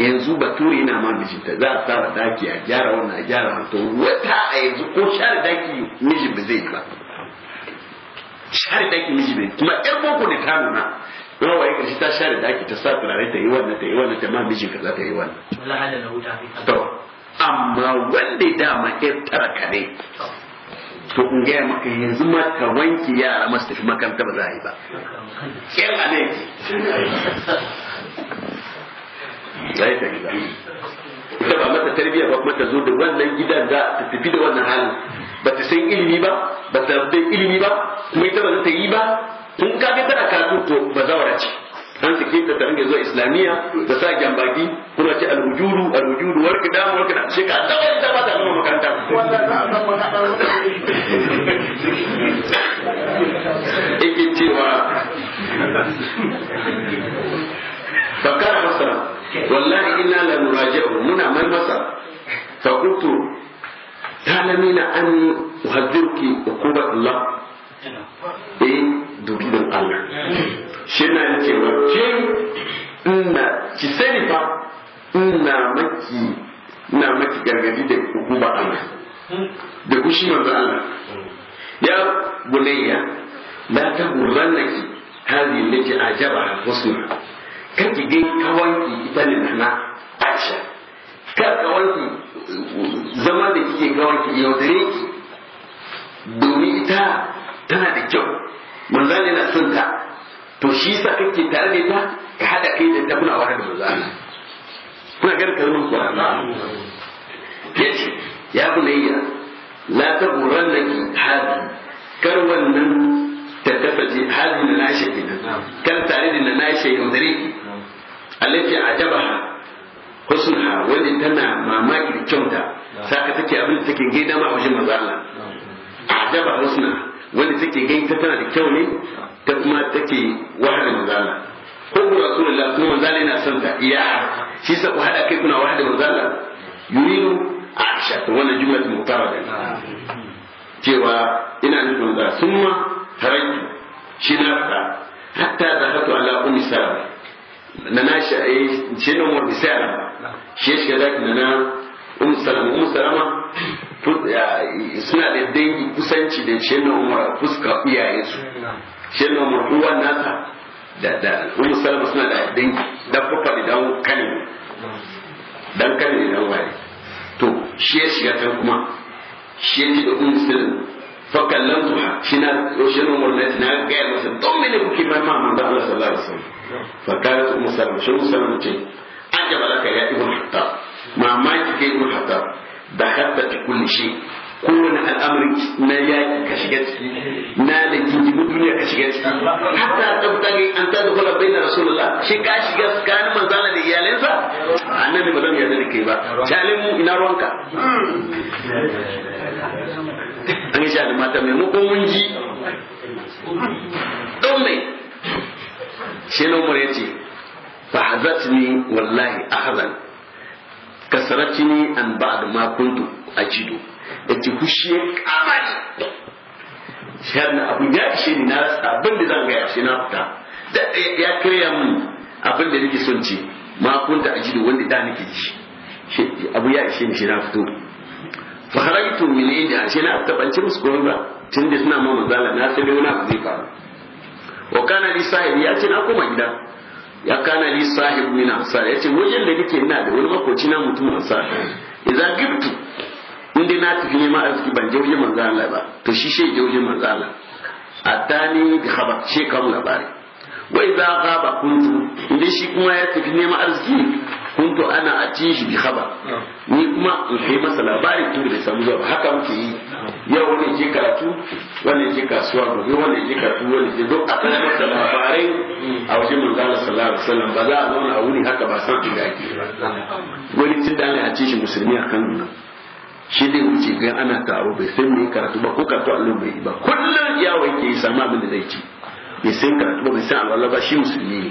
yanzu bature yana ma mijinta za a tsara daki a gyara wannan a gyara to wata a yanzu ko share daki mijin ba zai yi ba share daki mijin ba? kuma yar boko ne ta nuna yawa waye karshe ta share daki ta sa turare ta yi wannan ta yi wannan ta ma mijin ka za ta yi wannan to amma wanda dama yar taraka ne to in gaya maka yanzu maka wanki yara masu tafi makaranta ba za a yi ba kyan alaiki za ta gida ita ba mata tarbiyya ba kuma ta zo da wannan gidan za ta tafi da wannan halin ba ta san ilimi ba ba ta da ilimi ba kuma ita ba za ta yi ba tun kafin tana karatu to ba zawara ce dan su ta ta ringa zuwa islamiyya da sa jambaki kuma ce alwujudu alwujudu warka da warka da shi ka ta wanda ba ta nuna makaranta yake cewa fakara masa wallahi inna la nuraji'u muna mai masa fa qultu talamina an uhadhiruki uqubat Allah eh dubin Allah shi na cewa ke na ki sani fa ina maki ina maki gargadi da hukuma Allah da kushi manzo Allah ya bunayya la taghurrannaki hadhihi allati ajabaha husna kake ga kawanki ita ne na Aisha ka kawanki zama da kike kawanki yaudare ki domin ita tana da kyau manzo ne na son ta to shi sa kake tare da ta ka hada kai da ta kuna wani da manzo Allah kuna ganin kalmar Qur'ani yace ya bunayya la ki hadi kar wannan ta tafaje hadi na nashi da. kar tare da na nashi yaudare ki alati ajabaha husnaha wanda tana mamaki da kyauta saka take abin da take gaida ma wajen manzo Allah ajaba husnaha wanda take gani ta tana da kyau ne ta kuma take wahala manzala ko ku rasulullah kuma manzala yana son ta iya shi sa ku hada kai kuna wahala manzala yuridu aisha ta wannan jumlatul mutarada cewa ina nufin da summa taraktu shi na fada hatta da hatu ala ummi salama na na eh, shi ne mu bisara shi ya shiga zaki na na ummi salama ummi salama suna da dangi kusanci da shi na umar fuska iyaye su shi na umar uwan nasa da da umu salama suna da dangi da kuka da dan kanin dan kanin da dan waye to shi ya shiga can kuma shi ya ji da umu salama fakallan zuwa shi na shi na umar na na gaya masa don mene kuke ba ma man da Allah sallallahu alaihi wasallam fakalat umu salama shi umu salama ce an jaba laka ya ibn hatta mamaki ke ibn hatta da ta kulle shi kowane al'amarin na yaƙi ka shiga ciki na da jinjimin duniya ka shiga ciki hatta tsabtani an ta dukula bai na rasulullah shi ka shiga tsakanin manzana da iyalinsa annabi ba zan yarda da kai ba jalin mu ina ruwanka an yi jalin mata mai mu mun ji don mai shi na umar ya ce fa hazatni wallahi ahzan ne an ba da ba'd a kuntu ajidu yace hushiye kamani shar na abin ya ishe ni na abin da zan ga ya na fita da ya ya min abin da nake son ci ma a jido wanda da nake ji abu ya ishe ni shi na fito fa kharaitu min inda shi na fita ban ci musu kuma ba da suna ma manzala na sai dai wani abu zai faru wa kana li sahibi ya ce na koma gida ya kana li sahib min ansar yace wajen da nake ina da wani makoci na mutum ansar idan gibtu inda na tafi neman arziki ban je wajen manzo Allah ba to shi shi je wajen manzo Allah atani bi khabar shi kam labari wa idza ghaba kuntu inda shi kuma ya tafi neman arziki kuntu ana shi bi khabar ni kuma in kai masa labarin tun da samu zuwa haka muke yi yau wani je karatu wani je kasuwa gobe wani je karatu wani je duk a kan masa labarai mm. a wajen manzala sallallahu alaihi wasallam ba za a zauna a wuri haka ba san inda ake wani tun da ana shi musulmi a kan shi dai wuce ga ana taro bai san me karatu ba ko karatu Allah bai yi ba kullum yawo yake yi samu abin da zai ci bai san karatu ba bai san alwala ba shi musulmi ne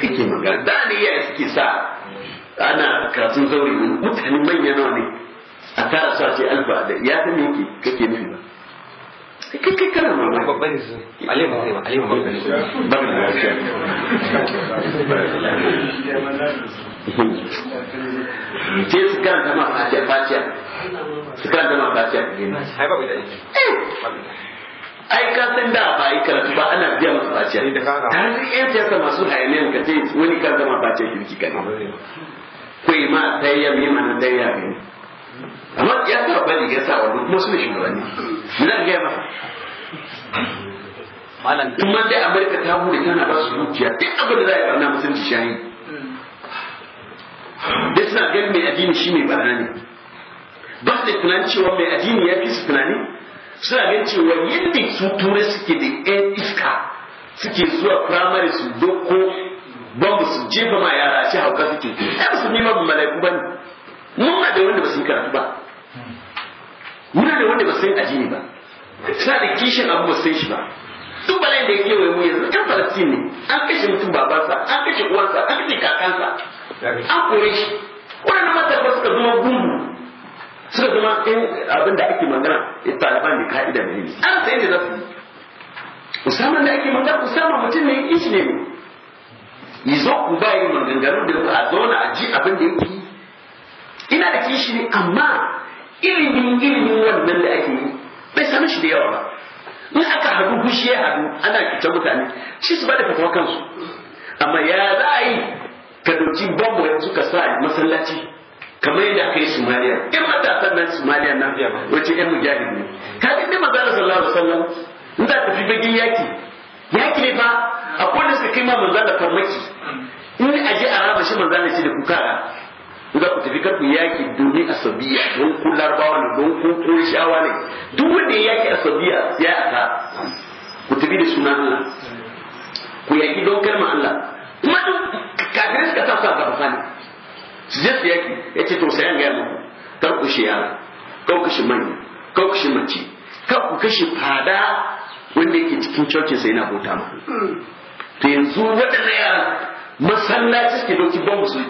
kake magana ne ya suke sa ana karatun zauri mutane manya nawa ne a tara sa ce alba da ya ta yake kake nufi ba kai kana ma ba babban su alima ba alima ba ba ba lafiya ce su karanta ma fatiya fatiya su karanta ma fatiya ai ba bai da eh ai ka san da ba ai karatu ba ana biya masa baciya ta yi yan siyasa masu hayaniyan ka ce wani ka zama baciya kirki ka ne kai ma tayya mai mana tayya ne amma ya sa bari ya sa wani kuma su ne shugabanni na ga masa malam kuma dai amerika ta bude tana ba su zuciya duk abin da za a yi barna musulunci shayi duk suna ganin mai addini shi mai barna ne ba su da tunanin cewa mai addini ya fi su tunani suna ganin cewa yadda su turai suke da yan iska suke zuwa firamare su doko bambu su jefa ma yara shi hauka suke ya su nema ba mala'iku ba ne muna da wanda ba su yi karatu ba muna da wanda ba su yi ajini ba suna da kishin abu ba su yi shi ba duk bala'in da ya kewaye mu yanzu kan falastin ne an kashe mutum babansa an kashe uwansa an kashe kakansa an kore shi wannan matafa suka zama gungu suka zama in abin da ake magana taliban ne ka'ida ne an sai ne za su yi usama da ake magana usama mutum ne ishi ne yi zo ku ba yi maganganu da a zauna a ji abin da yake ina da kishi ne amma ilimin ilimin wannan da ake yi bai sami shi da yawa ba in aka hadu gushi ya hadu ana cutar mutane shi su ba da fatawa kansu amma ya za a yi ka dauki bambo yanzu ka sa masallaci kamar yadda aka yi somaliya yan matasan nan somaliya ba wace yan mujahid ne kafin da magana sallallahu alaihi wasallam in za fi bagin yaki yaki ne fa a kowane su kai ma manzo da farmaki in a je a raba shi manzo da shi da kuka za ku tafi karku yaki domin asabiya don ku larabawa ne don ku shawa ne duk wanda yaki asabiya ya aka ku tafi da sunan Allah ku yaki don kalmar Allah kuma duk kafirin suka sa su a gaba su yake ya ce to sayan gaya muku kar ku shi yara kar shi manya kar shi mace kar ku kashe fada wanda yake cikin cocin sai na bauta ma to yanzu waɗannan yara masallaci suke dauki ba musu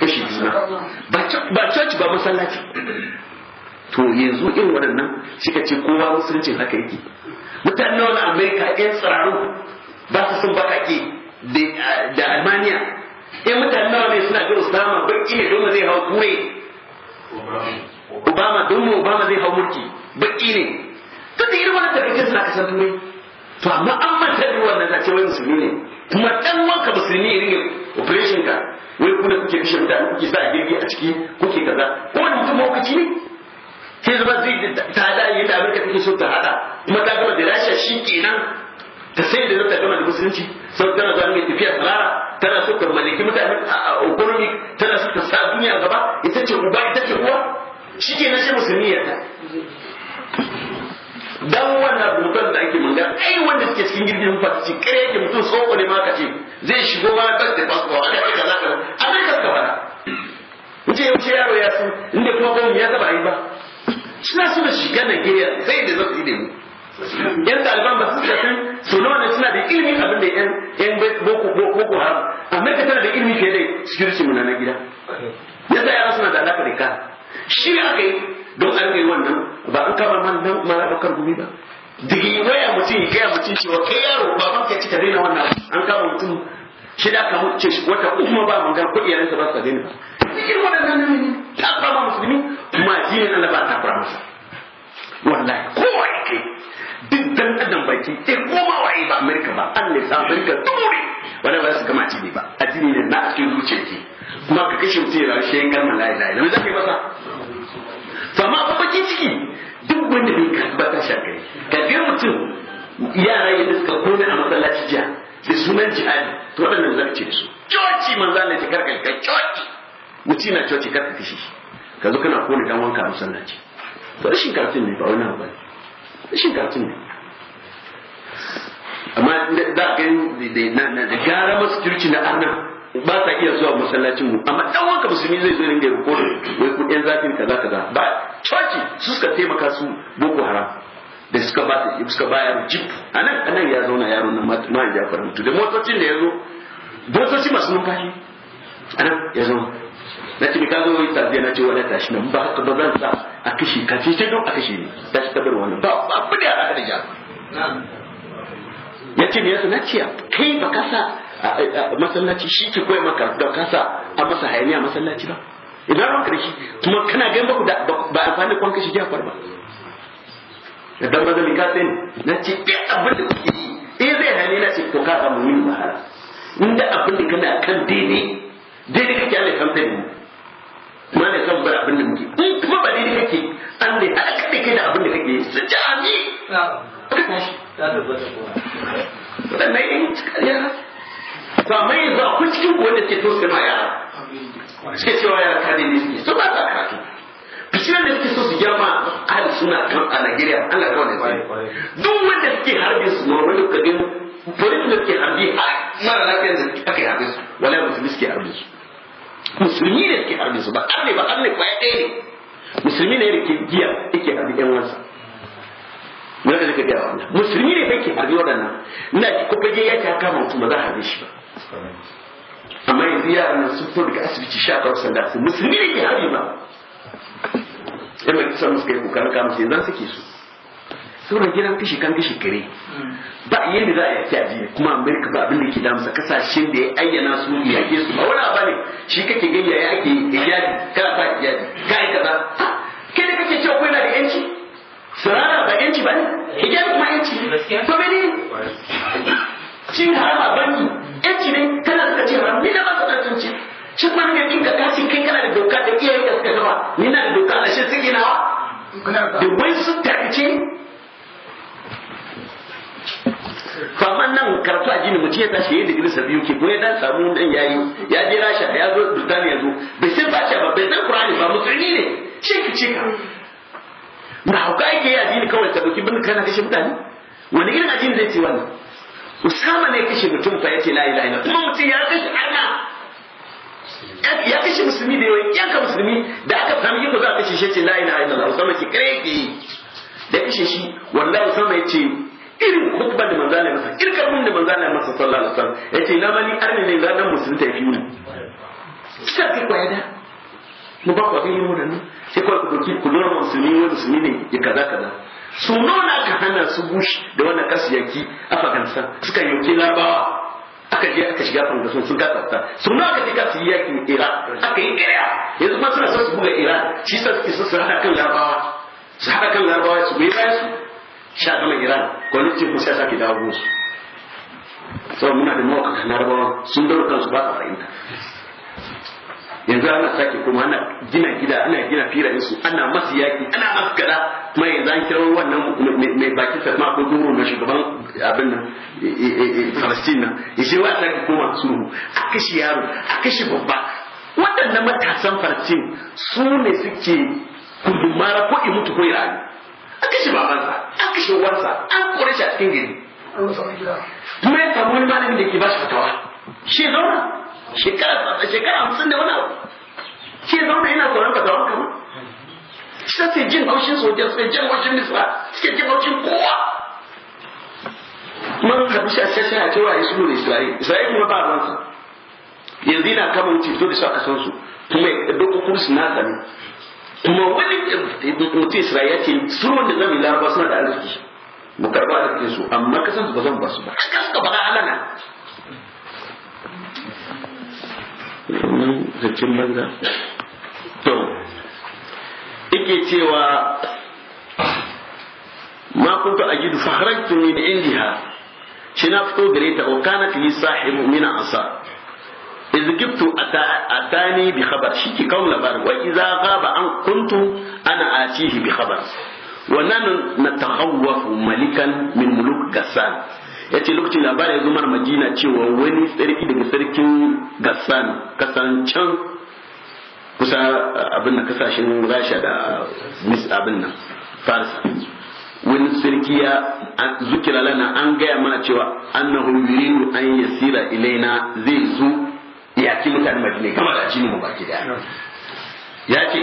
kashe juna ba coci ba masallaci to yanzu irin waɗannan suka ce kowa musulunci haka yake mutanen wani amerika yan tsirarun ba su sun bakake da almaniya in mutane nawa ne suna ga Osama baki ne don zai hau kure Obama don mu Obama zai hau mulki baki ne duk da irin wannan tafiyar suna kasar turai to amma an manta da wannan na cewa musulmi ne kuma dan wanka musulmi irin operation ka wai kuna kuke kashe mutane kuke sa girgi a ciki kuke kaza ko wani mutum mawukaci ne sai zuba zai ta hada yadda Amurka take so ta hada kuma ta gama da Rasha shi kenan ta sai da zata gama da musulunci sau tana zuwa mai tafiya tsirara tana so ta maliki mutane a economy tana so ta sa duniya gaba ita ce uba ita ce uwa shi ke nashe musulmi ya ta dan wannan dokan da ake manga ai wanda suke cikin girgin fatici kare yake mutum tsoko ne ma ka ce zai shigo ma bas da fasfo a kai kaza kaza a kai ka fara wuce ce yaro ya su inda kuma gwamnati ya taba yi ba suna so da shiga Najeriya sai da zafi da mu yan ɗaliban ba su san su nawa ne suna da ilimin abin da yan yan boko haram ka tana da ilimi fiye da security mu na gida yadda yara suna da alaka da ka shi aka yi don an kai wannan ba an kama man nan mara bakar gumi ba digi waya mutum ya gaya mutum cewa kai yaro ba man ka cika daina wannan an kama mutum shi da aka mutu shi wata kuma ba mun ga kuɗi yaran sa ba su daina ba digi wannan nan ne ta kama musulmi kuma addinin Allah ba ta fara masa wallahi kowa yake ci ce goma yi ba Amerika ba an ne sa Amerika dubu ne ba su gama ne ba jini ne na cikin zuciyar ce kuma ka kashe mutum ya shi yin garman layi layi da mai zaka yi masa to amma fa ciki duk wanda bai karba ta shakari ka ga mutum yara yadda suka kone a masallaci jiya da sunan jihadi to waɗannan za ka ce su coci man zane ta karkar kai coci mutum na coci ka kashe shi ka zo kana kone dan wanka a masallaci to rashin karatun ne ba wani abu ba rashin karatun ne amma da ka yi da gara masu kirki na arna ba sa iya zuwa masallacin mu amma dan wanka musulmi zai zo ringa ko wai kudin zafin kaza kaza ba coci su suka taimaka su boko haram da suka ba suka bayar jip anan anan ya zauna yaro nan ma ya fara mutu da motocin da ya zo motoci masu numfashi anan ya zauna na ce ka zo yi tafiya na ce wani tashi nan ba haka ba zan sa a kashe ka ce don a kashe ne tashi kabar wannan ba ba da ya haka da jama'a ya ce ya na ciya kai ba kasa masallaci shi ke koya maka da kasa a masa hayaniya masallaci ba idan ranka kare shi kuma kana gan ba ba amfani kwanka shi jafar ba da dan bazali ka sani na ce eh abin da kuke yi eh zai hane na ce to ka ga mun bahara inda abin da kana kan daidai daidai kake Allah alhamdulillah ma ne san bar abin da muke in kuma ba daidai kake Allah ya kake da kai da abin da kake jami'a sannan in yara to amma yanzu akwai cikin wanda ke tosa ma yara suke cewa yara ta ne suke su ba sa karatu bishirar da suke so su gyama ahal suna kan a Najeriya Allah ka wani duk wanda suke harbe su normal duka din police da suke harbe a mara lafiyar da aka yi su wala musulmi suke harbe su musulmi ne suke harbe su ba arne ba arne kwaya ɗaya ne musulmi ne yake giya yake harbe yan wansa ne da suka gaya musulmi ne kake harbi wadannan ina ci ko fage ya ta kama mutum ba za a harbe shi ba amma yanzu yaran nan sun fito daga asibiti sha kawo sanda su musulmi ne ke harbi ba yan mai kusa musu kai kokarin kama su yanzu suke su saboda gidan kashi kan kashi kare ba yadda za a yaki addini kuma amurka ba abin da ke damusa kasashen da ya ayyana su yake su ba wani abu ne shi kake gani ya ake hijabi kana sa ka kai kaza kai da kake cewa kuma yana da yanci sirara ba yanci ba ne hijab ma yanci to mene Shin haram a banki yanci ne kana suka ce haram ni da ba ka tantance shi kuma ne kin ka kasi kai kana da doka da iyaye da suka gaba ni na da doka na shi suke nawa da wai sun tarce to amma nan karatu a jini mutum ya tashi yayi digiri sabiyu ke ko ya dan samu dan yayi ya je rasha ya zo birtaniya zo bai san ba ba bai san qur'ani ba musulmi ne shi ki cika ba hauka ake yi addini kawai ta doki bin kana kashe mutane wani irin addini zai ce wannan usama ne kashe mutum fa yace la ilaha illallah kuma mutum ya kashe arna ya kashe musulmi da yawan yanka musulmi da aka fahimci yin za a kashe shi ce la ilaha illallah usama ce kare da kashe shi wallahi usama ya irin hukban da manzo Allah masa irin karbin da manzo Allah masa sallallahu alaihi wasallam yace na mani arni ne ranan musulmi ta fi mu sai ko ya da mu ba ku ga yin wannan sai kawai ku dauki ku nuna musulmi wani musulmi ne ya kaza kaza su nuna ka hana su bushi da wannan kasu yaki afghanistan suka yanke larabawa aka je aka shiga fanga sun kasa ta su nuna ka je kasu yakin ira aka yi kira yanzu ma suna son su buga ira shi sa suke son su haɗa kan larabawa su haɗa kan larabawa su bai bayan su sha gama iran gwamnatin ku sai sake dawo musu sau muna da mawaka larabawa sun dauka su ba a fahimta yanzu ana sake kuma ana gina gida ana gina firayen su ana masu yaki ana masu kada kuma yanzu an kira wannan mai baki sa ma ko duro na shugaban abin nan e, e, e, Palestine nan yace wa sake kuma sulhu a kashi yaro a kashi babba waɗannan matasan Palestine su ne suke kudumara ko in mutu ko irani a kashi babansa a kashi wansa an kore shi a cikin gari kuma ya samu wani malamin da ke ba shi fatawa. shi zauna shekara shekara hamsin da wani abu Ke zaune zauna yana tsoron ka tsoron kama shi sai jin haushin sojan sai jin haushin misra suke jin haushin kowa man rabu shi a cikin a cewa ya shigo da isra'il isra'il kuma ba ruwansa yanzu yana kama wuce to da shi a su. kuma ya ɗauko kursu na ne kuma wani mutum isra'il ya ce su da zama larabar suna da arziki mu karɓa arzikin su amma kasan su ba zan ba su ba kasan ka ba alana domin banza to ike cewa ma kuntu ajidu fa kharajtu min indiha shi na fito gare ta wa kana fi sahibu min asa iz gibtu atani bi khabar shi ki kawo labar wa idza ghaba an kuntu ana atihi bi khabar wa nan natahawwafu malikan min muluk gasan ya ce lokacin labarin ya zo mana madina cewa wani sarki daga sarkin gassan kasan can kusa abin na kasashen rasha da mis abin nan fars wani sarki ya zukira lana an gaya mana cewa annahu yuridu an yasira ilaina zai zo ya ci mutane madina kama da jini mu baki daya ya ce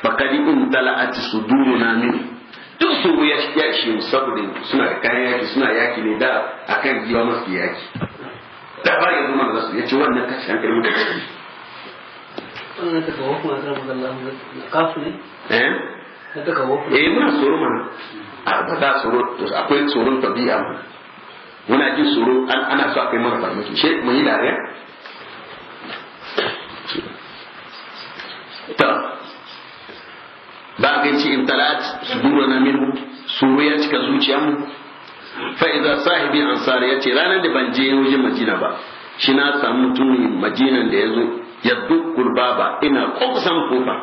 fakadi in tala'ati suduruna min duk su ya ya ishe mu saboda suna da kayan yaki suna yaki ne da akan giwa masu yaki da ba ya zama da su ya ce wannan kashi an karbi da shi wannan ta kawo kuma ta da Allah ne eh ta kawo kuma eh muna tsoro mana a ba da tsoro akwai tsoron tabi'a mu muna jin tsoro ana so a kai mana farmaki she mu yi dariya ta ba ga ce ibtalat na min su ya cika zuciyarmu fa idza sahibi ansar ya ce ranar da ban je wajen madina ba shi na samu mutumin madinan da ya zo ya duk gurbaba ina kusan kofa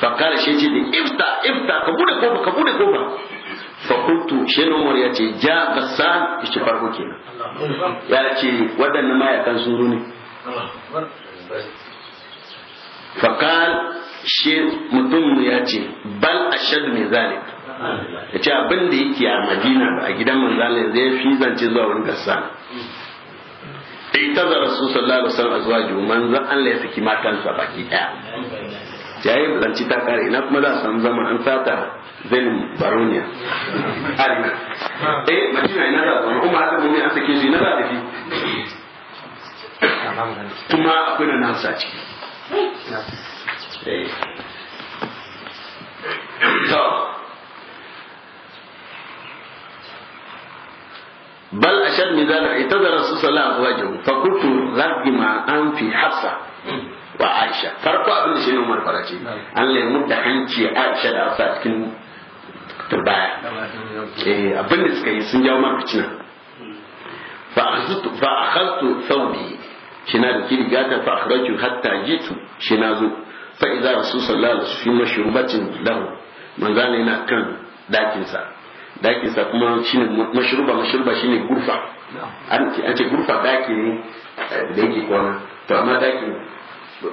fa kala shi ce da ifta ifta ka bude kofa ka bude kofa fa kuntu shi umar ya ce ja basan shi farko kenan ya ce waɗannan mayakan suru ne fa kala shi mutum ya ce bal ashad mai zalik ya ce abin da yake a madina a gidan manzalin zai fi zance zuwa wani gasa ai ta zara su sallallahu alaihi wasallam azwaju manzo Allah ya saki matansa baki daya yayi zance ta kare ina kuma za a samu zama an sata zain baroniya alina eh madina ina za a zama umma haka mun an sake shi ina za a fi. kuma akwai na nasa ciki بل أشد من ذلك اعتذر الرسول صلى الله عليه وسلم فقلت رغم أن في حفصة وعائشة فرقوا أبن شيء عمر فراشي أن لمدة حنشي عائشة da Hafsa cikin turbaya eh, abin da suka yi sun jawo mafitina fa akhadtu thawbi shina da kirgata fa akhrajtu hatta jitu shina zo fa idza rasul sallallahu alaihi wasallam fi mashrubatin lahu manzana yana kan dakin sa dakin sa kuma shine mashruba mashruba shine gurfa an ce an ce gurfa daki ne da yake kwana to amma dakin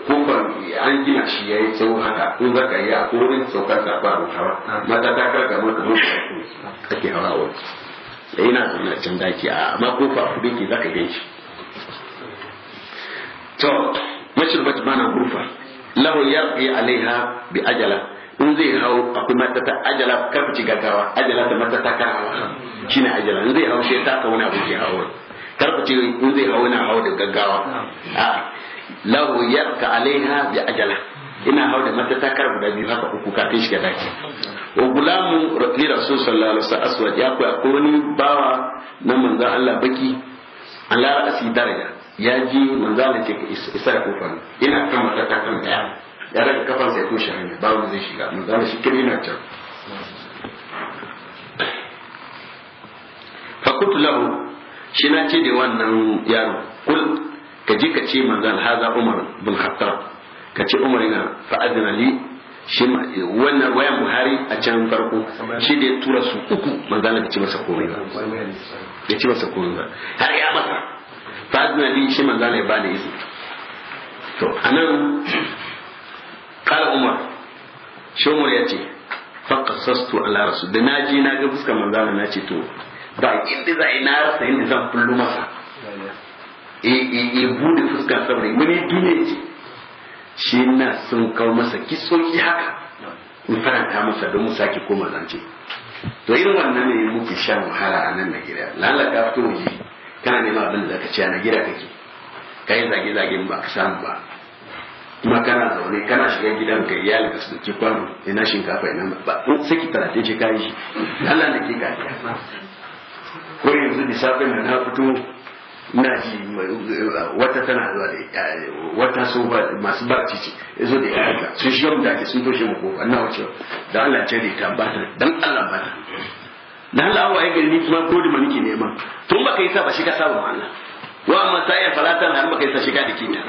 kofar an gina shi yi tsawo haka ko zaka yi a korin saukar da ba hawa da ta karga mata mutu ake hawa wani da yana zama can daki a amma kofa ku ke zaka gan shi to mashin bat bana gurfa lahu yarqi alaiha bi ajala in zai hau akwai matata ajala kar ci gaggawa ajala ta matata karawa shine ajala in zai hau shi ta kauna abu ke hawo kar ku ci in zai hau na hau da gaggawa a lahu yarqa alaiha bi ajala ina hau da matata kar guda biyu haka uku kafin shiga daki wa gulamu rafi rasul sallallahu alaihi wasallam aswad ya ku ko bawa na manzo Allah baki Allah ra'asi daraja ya ji manzo Allah ce isa kofar ina kan mata ta kan daya ya daga kafan sai toshe hanya ba wanda zai shiga manzo Allah shi kiri na can fa lahu shi na ce da wannan yaro kul ka ji ka ce manzo haza Umar bin Khattab ka ce Umar ina fa adna shi wannan wayan Buhari a can farko shi da ya tura su uku manzo Allah ya ce masa komai ba ya ce masa komai ba har ya masa fadina din shi manzo Allah ya bada izini to anan kala umar shi umar ya ce faqasastu ala rasul da naji na ga fuskar manzo Allah na ce to ba inda za ina rasa inda zan fullu masa e e e bude fuskar saboda mun duniya ce shi na sun kawo masa kisoki haka in faranta masa don mu sake koma zance to irin wannan ne muke shan wahala a nan Najeriya lalaka fito waje kana nema abin da ka ci na gida kake ka yi zage zage ba ka samu ba kuma kana zaune kana shiga gidan ka iyali ka su dauki kwano ina shinkafa ina ba in saki talatin ce kayi shi Allah ne ke kariya ko yanzu da safe na na fito na ji wata tana zuwa da eh, wata so masu barci ce zo da ya iyali sun da mutane sun toshe mu kofa na wuce da Allah ce da ita ba ta dan Allah ba ta na Allah wa ai gari kuma ko da muke nema tun baka yi sa ba shi ka saba Allah wa amma ta iya falatan har baka yi sa shi ka dake ne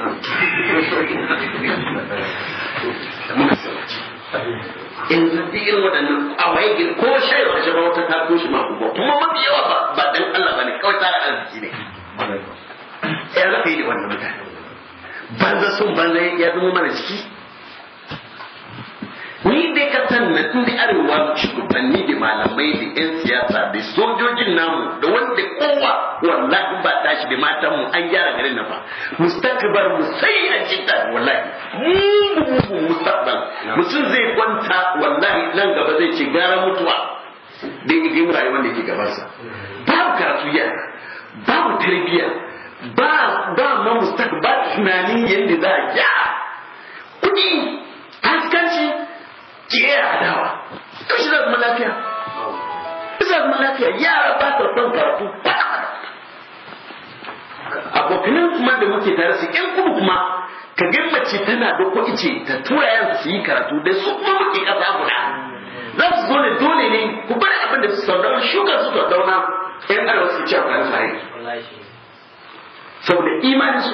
in zabi irin waɗannan a waye gari ko shayi ba shi wata ta ko ma ku ba kuma mafi yawa ba dan Allah bane kawai tsara arziki ne ya zafi da wannan mutane banza sun banza ya zama mana jiki ni dai ka san na tun da arewa shugabanni da malamai da yan siyasa da sojojin namu da wanda kowa wallahi ba tashi da matan mu an gyara garin na ba mustakbar mu sai a wallahi mu mu mustakbal mutum zai kwanta wallahi nan gaba zai ci gara mutuwa da igin rayuwa da gaban sa. babu karatu yara babu tarbiyya ba ba ma mustakbal tunanin yadda za a gyara kudi haskanci kiyaye adawa to shi zai zama lafiya shi zai zama lafiya yara ba ta son karatu abokanan kuma da muke tare su ƴan kudu kuma ka ga mace tana da ko ice ta tura yan su yi karatu da su kuma muke kasa guda za su zo ne dole ne ku bari abin da su sauran shuka su tattauna ƴan arewa su ci amfani su hari saboda imanin su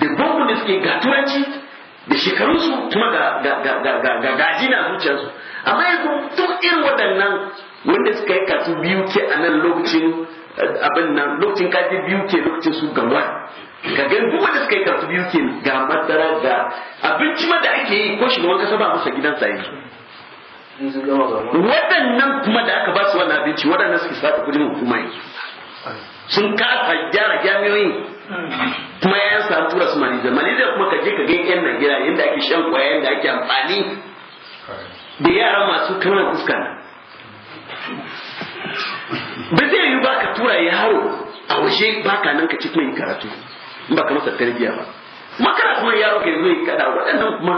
da gwamnati suke ga turanci da shekarunsu kuma ga gaji na zuciyarsu amma yanzu duk irin waɗannan wanda suka yi kasu biyu ke a nan lokacin eh, abin nan lokacin kaji biyu ke lokacin su gama ka gani duk wanda suka yi kasu biyu ke ga madara ga abinci ma da ake yi ko shugaban kasa ba masa sa yanzu waɗannan kuma da aka ba su wannan abinci waɗannan suke ta kudin hukuma yanzu sun kafa gyara jami'oyin kuma ya an tura su maliza maliza kuma ka je ka ga yan najeriya yadda ake shan kwaya yadda ake amfani da yara masu kanan fuska ba zai yi ba ka tura yaro a waje ba ka nan ka ci kuma yin karatu in ba ka masa tarbiyya ba makara kuma yaro ka zo yi kada waɗannan kuma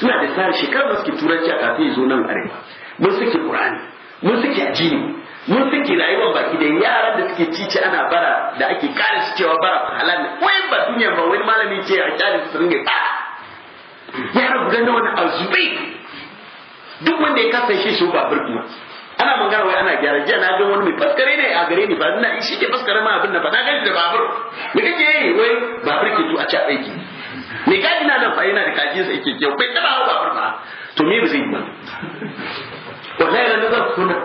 suna da tsari shekarar da suke turanci a kafin ya zo nan arewa mun suke qur'ani mun suke addini mun suke rayuwar baki da yaran da suke cici ana bara da ake kare su cewa bara halal ne wai ba duniya ba wani malami ce a kyale su ringa ba yaran guda na wani azubai duk wanda ya kasa shi shi ba ana magana wai ana gyara jiya na ga wani mai faskare ne a gare ni ba ina shi ke faskare ma abin da ba na gani da babur me kake yi wai babur ke to a ci aiki me ka na da fa ina da kaji sa ke kyau bai taba babur ba to me ba zai yi ba wallahi ran da zan kuna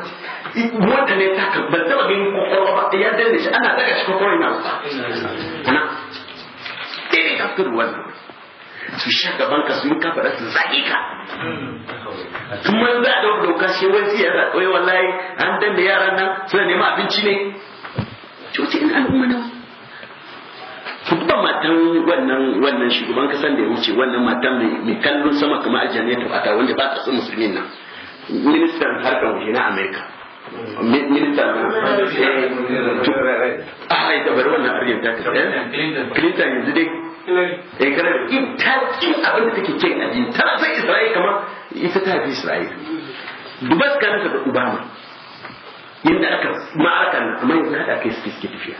wanda ne ta ba taba ganin kwakwalwa ba ya danne shi ana daga shi kwakwalwa yana wuta ana ɗaya ka fi wannan. nan su sha gaban ka su k'a fara da su zage ka kuma za a dauka doka shi wai sai ya wai wallahi an danne yaran nan suna neman abinci ne cuci in al'umma nan kuma matan wannan wannan shugaban kasan da ya wuce wannan matan mai kallon sama kamar aljanna ta wanda ba ta son musulmin nan ministan harkar waje na amerika minista a haita bari wannan aryan ta kasa eh? clinton yanzu dai eh kana in ta kin abin da take kin a jini tana san isra'il kamar ita ta fi isra'il duba tsakaninsa da obama yadda aka ma'araka na amma yanzu haɗa kai suke suke tafiya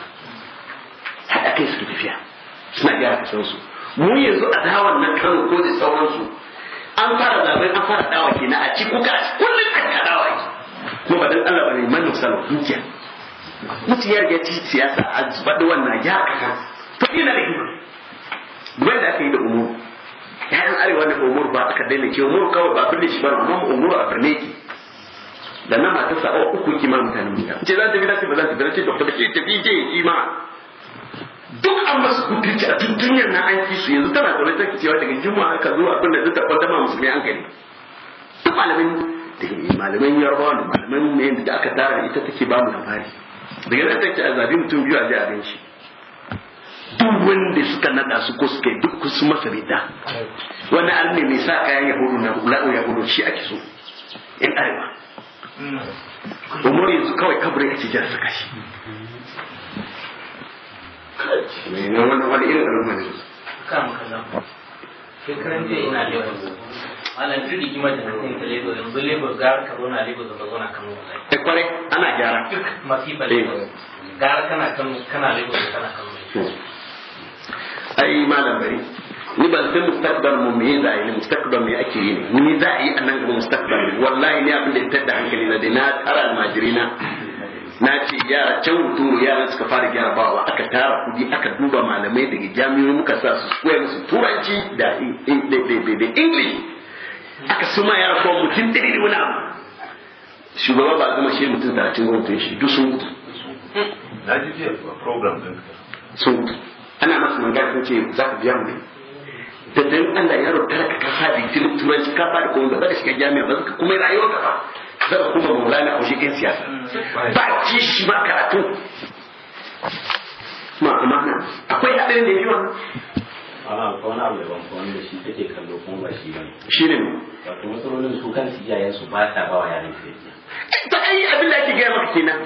haɗa kai suke tafiya suna gyara kasansu mu yanzu a dawon na kano ko da sauransu an fara zaben an fara dawa na a ci kuka kullum a dawa ake ko ba dan Allah bane man nusalo dukiya mutiyar ya ci siyasa a bada wannan ya kaka to ina da hima duwan da aka yi da umur dan arewa da umur ba aka daina ke umur kawai ba birni shi ba amma umur a birne ki da nan mata sa'o uku kima mutane mutanen mu ce za zan tafi dace ba zan ce dace dokta ta bi je yi ma duk an masu kutunci a duk duniyar na an ki su yanzu tana zaune ta cewa daga juma'a ka zo abin da zai tabbatar ma musulmi an gani duk malamin malaman yarbawa da malaman ne da aka tara ita take ba mu labari daga da take azabi mutum biyu a je shi duk wanda suka nada su ko suka duk su masa bidda wani alme mai sa kayan yahudu na ula'u yahudu shi ake so in arewa umar yanzu kawai kabarin ake cikin saka shi wani irin al'umma ne shekaran jiya ina lebo. ana da ta yanzu lebo gara ka zauna da ka zauna kano eh, ana gyara duk masifa kana kano kana lebo da kana kano ai malam bari ni ban san mustaqbal mu me za a yi mustaqbal me ake yi ni za a yi anan ga mustaqbal wallahi ni abin da ya tada hankali na da na tsara almajirina na ce yara can ruturu yaran suka fara gyara bawa aka tara kudi aka duba malamai daga jami'o muka sa su koya musu turanci da english aka suma yara kuma mutum ɗari da wani abu shugaba ba zama shi mutum cin gwamnatin shi duk sun mutu na ji jiya program din sun mutu ana masu sun ce za ku biya mu ne da dan Allah yaro talaka ka sa da turanci ka fara da ba za shiga jami'a ba kuma rayuwa ka ba zara kuma maulana a wajen yan siyasa mm. ba shi ba karatu ma amana akwai haɗarin da yawa wani abu shi take kallo kuma ba shi ne su kan su ba ta bawa abin da ake gaya maka kenan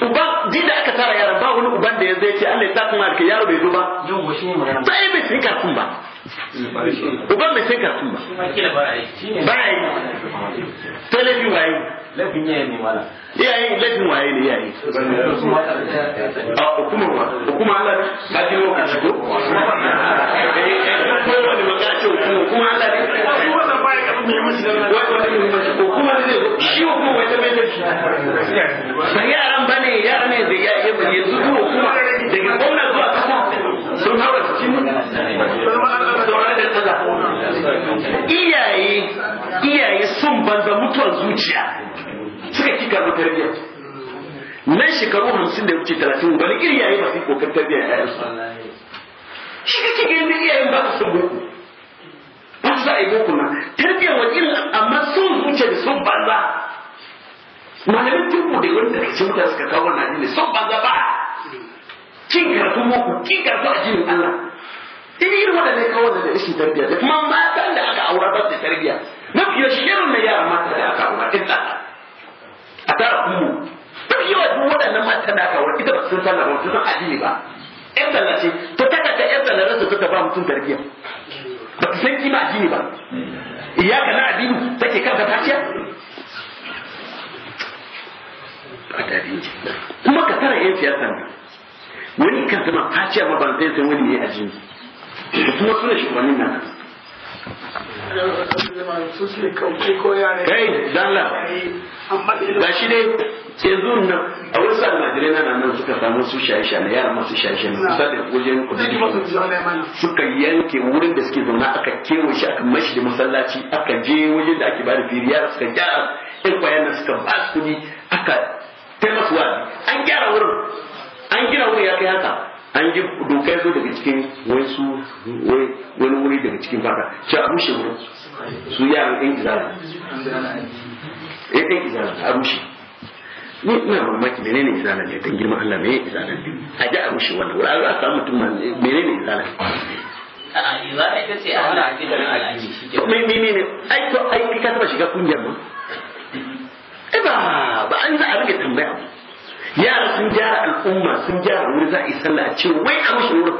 uban da aka tara yaran ba wani uban da ya zai ce Allah ya sa yaro bai zo ba ai bai shi ba uban mai sai karatu ba baya yi ta laifin waye yayin ne mala iyayen laifin waye ne iyaye a ah, kuma wa hukumar Allah ka ji wa kashi ko kowane magana ce kuma Allah ne hukumar ne shi hukumar wata mai tafi ba yaran ba ne yaran ne da ya yanzu hukumar daga gwamna zuwa kasa sun haura cikin iyaye iyaye sun banza mutuwar zuciya suka ki karbi tarbiyyar nan shekaru hamsin da wuce talatin bari iri yayi ba su kokar tarbiyyar ya yi shi kake gani iyayen ba su sun boko ba su za a yi boko na tarbiyyar wani irin amma sun zuciya da sun banza malamin turku da wanda da cikin mutane suka kawo na ne sun banza ba kin karfin mako kin karfin ajiyar Allah iri irin waɗannan kawo da rashin tarbiyya da kuma matan da aka aura ba da tarbiyya mafi yawan shirin na yara mata da aka aura ɗin da a tara ta to wa duk waɗannan mata da aka aura ita ba sun san labarin sun addini ba ƴan sallah ce taka ta yan ƴan rasa ta ba mutum tarbiyya ba ta san kima addini ba iyaka na addini take kanka taciya ba ta kuma ka tara ƴan siyasa wani kan zama kaciya ma ban san wani ne a jini duk wasu da shugabannin nan a nan suka samu su shaye-shaye yara yanke wurin da suke zauna aka kewa shi aka mashi da masallaci aka je wajen da ake ba da firiya suka gyara yan kwayan suka ba su aka taimakawa an gyara wurin an gina wurin ya kai haka an ji doka ya zo daga cikin wai su wani wuri daga cikin fata ce a rushe wurin su rikin ɗan ya ɗan izala a rushe ni ina mamaki ne izala ne dan girma Allah menene izala ne a ji a rushe wannan wuri a samu mutum menene izala izala ka ce a hana a mai menene ai to ai ka taba shiga kungiyar ba ba an za a rage tambaya ba yara sun gyara al'umma sun gyara wuri za a yi sallah ce wai a mashi wurin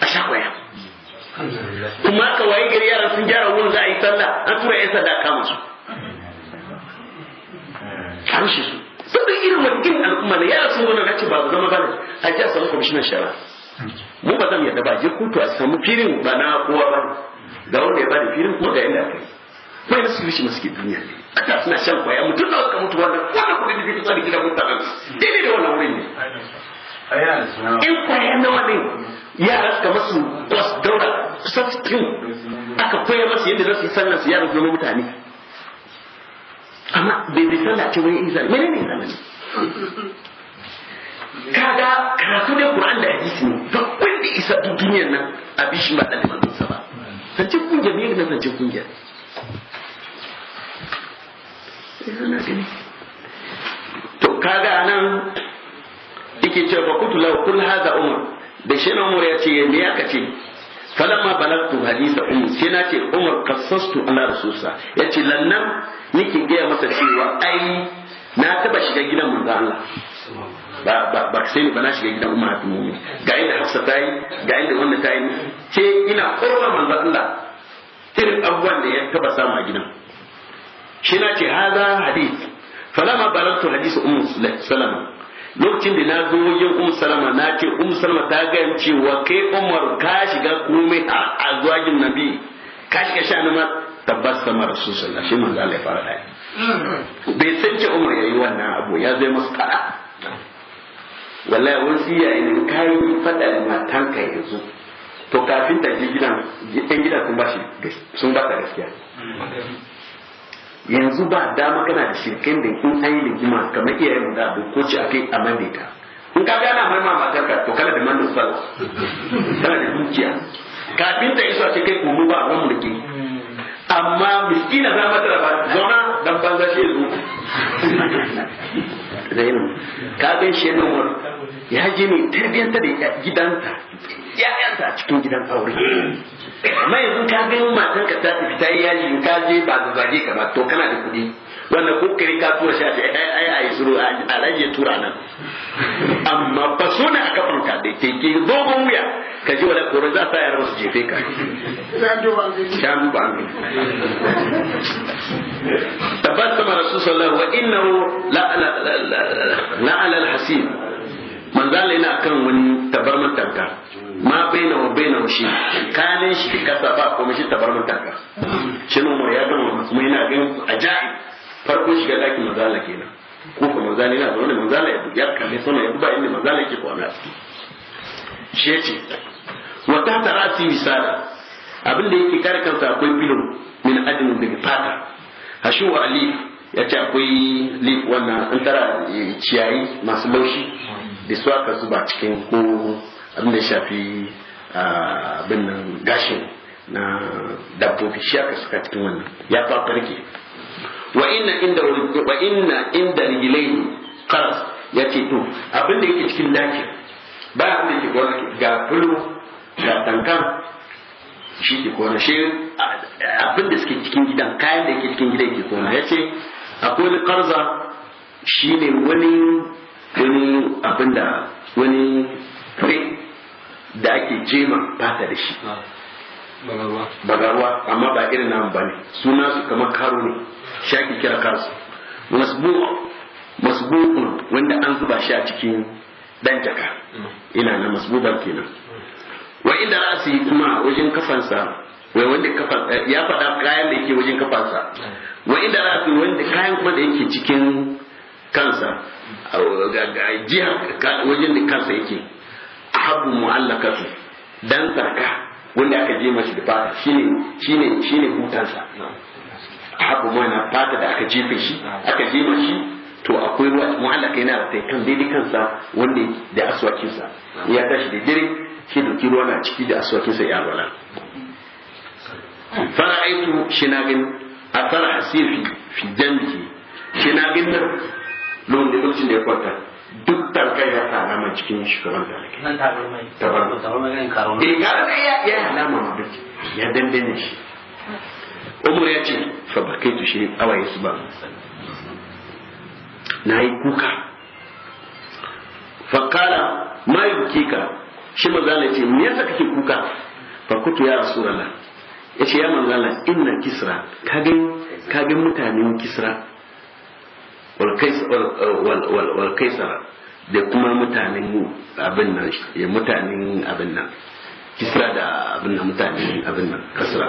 a sha kwaya kuma aka waye gari yaran sun gyara wurin za a yi sallah an tura yan sanda a kama su a rushe su saboda irin wajen al'umma da yara sun gona na ce ba su zama bane a ji a samu kwamishinan shara mu ba zan yadda ba je kutu a samu filin ba na kowa ba ga wanda ya bada filin kuma ga yadda aka yi kuma yana su yi shi masu ke duniya ne da suna shan kwaya mutum da suka mutu wannan wannan kudin da kake sani gida mutanen daidai da wannan wurin ne in kwaya nawa ne yara suka masu kwas daura substitute aka koya masu yadda za su yi sallar su yara zama mutane amma bai bai sallah ce wani izali mene ne izali kaga karatu ne Qur'an da hadisi ne to wanda isa duniyar nan abin shi ba da manzon sa ba sace kungiyar ne na sace kungiyar to kaga anan yake ce fa kutu lahu kul hadha umar da shi umar ya ce me ya kace falamma balagtu hadisa umar sai na ce umar qassastu ala rasulsa yace lannan nake gaya masa cewa ai na taba shiga gidan manzo Allah ba ba ba sai ba na shiga gidan umar bin mu'min ga inda hafsa ta yi ga inda wannan ta yi ce ina korwa manzo Allah irin abubuwan da ya taba samu a gidan shi na ce haza hadith falama balagtu hadith ummu salama lokacin da na zo wajen ummu salama na ce ummu salama ta ga cewa kai umar ka shiga komai a azwajin nabi ka shiga shanuma tabbas sama rasul shi manzo Allah ya fara dai bai san ce umar yayi wannan abu ya zai masa kada wallahi ya yayin kai fada ka yanzu to kafin ta ji gidan ɗan gida sun ba shi sun ba ta gaskiya yanzu ba dama kana da shirkin da in an yi ligima kamar iyayen mu da ko ci akai a mandata in ka gana mai ma matar ka to kana da mandan sallah kana da dukiya kafin ta isa ce kai kuma ba ran mu da ke amma miskina za mata da zona dan banza shi zo da ka ga shi ne mun ya ji ne tarbiyanta da gidanta ya'yanta a cikin gidan aure mai yanzu ka ga matan ka ta tafi ta yi yaji ka je ba ga ka ba to kana da kuɗi wanda ko kare ka tura shi a ai ai suru a rage tura nan amma ba so ne aka furta da ke ke dogon wuya ka ji wala koro za ta yara su jefe ka ta duba an tabbata ma rasul sallallahu wa innahu la ala al-hasib manzala yana kan wani tabarman ma baina wa baina shi kanin shi kasa ba komai shi tabar mutaka shi umar ya gama kuma yana ganin ajai farko ga daki mazala kenan ko kuma mazali yana zaune mazala ya ya kalle sama ya ba inda mazala yake kwana shi ya ce wa ta tara si misala abin da yake kare kansa akwai filo min adin daga fata hashu wa ali ya ce akwai lif wannan an tara ciyayi masu laushi da su zuba cikin ko abin da shafi ah, abin nan gashin na dabbobi shi aka suka cikin wannan ya fa farke wa inna inda wa inna inda rijlaini qaras yace to abin da yake cikin daki ba abin da yake gona ga bulu ga tankan shi ke kona shi abin da suke cikin gidan kayan da yake cikin gidan ke kona yace akwai wani karza shine wani wani abin da wani spray da ake jema bata da shi ah, bagarwa amma ba irin namu ba ne suna su kamar karo ne sha ake kira karsu masbu'un wanda an zuba shi a cikin dan jaka hmm. ina na masbuban kenan hmm. wa inda ra'asi kuma wajen kafansa wai wanda kafa eh, ya faɗa kayan da yake wajen kafansa hmm. wa inda ra'asi wanda kayan kuma da yake cikin kansa jiha wajen da kansa yake ahabu mu'allakatu dan sarka wanda aka je mashi da fata shine shine shine hutansa ahabu mu na fata da aka jefe shi aka je mashi to akwai ruwa mu'allaka yana da kan daidai kansa wanda da sa ya tashi da dare shi da ruwa na ciki da aswakinsa ya wala fara'aitu shi na gani a fara fi dambi shinagin da lokacin da ya kwanta duk talkai ya sa alama cikin shugaban talkai nan tabar mai tabar mai ganin karo ne eh, ga da ya ya alama duk ya dandane shi umar ya ce fa tushe awaye su ba na yi kuka fakala ma yi ka shi manzana ce me yasa kake kuka fakutu ya rasulallah ya ce ya manzana ina kisra kagin mutanen kisra wal kaisara da kuma mutanen abin nan mutanen abin nan kisra da abin nan mutanen abin nan kasra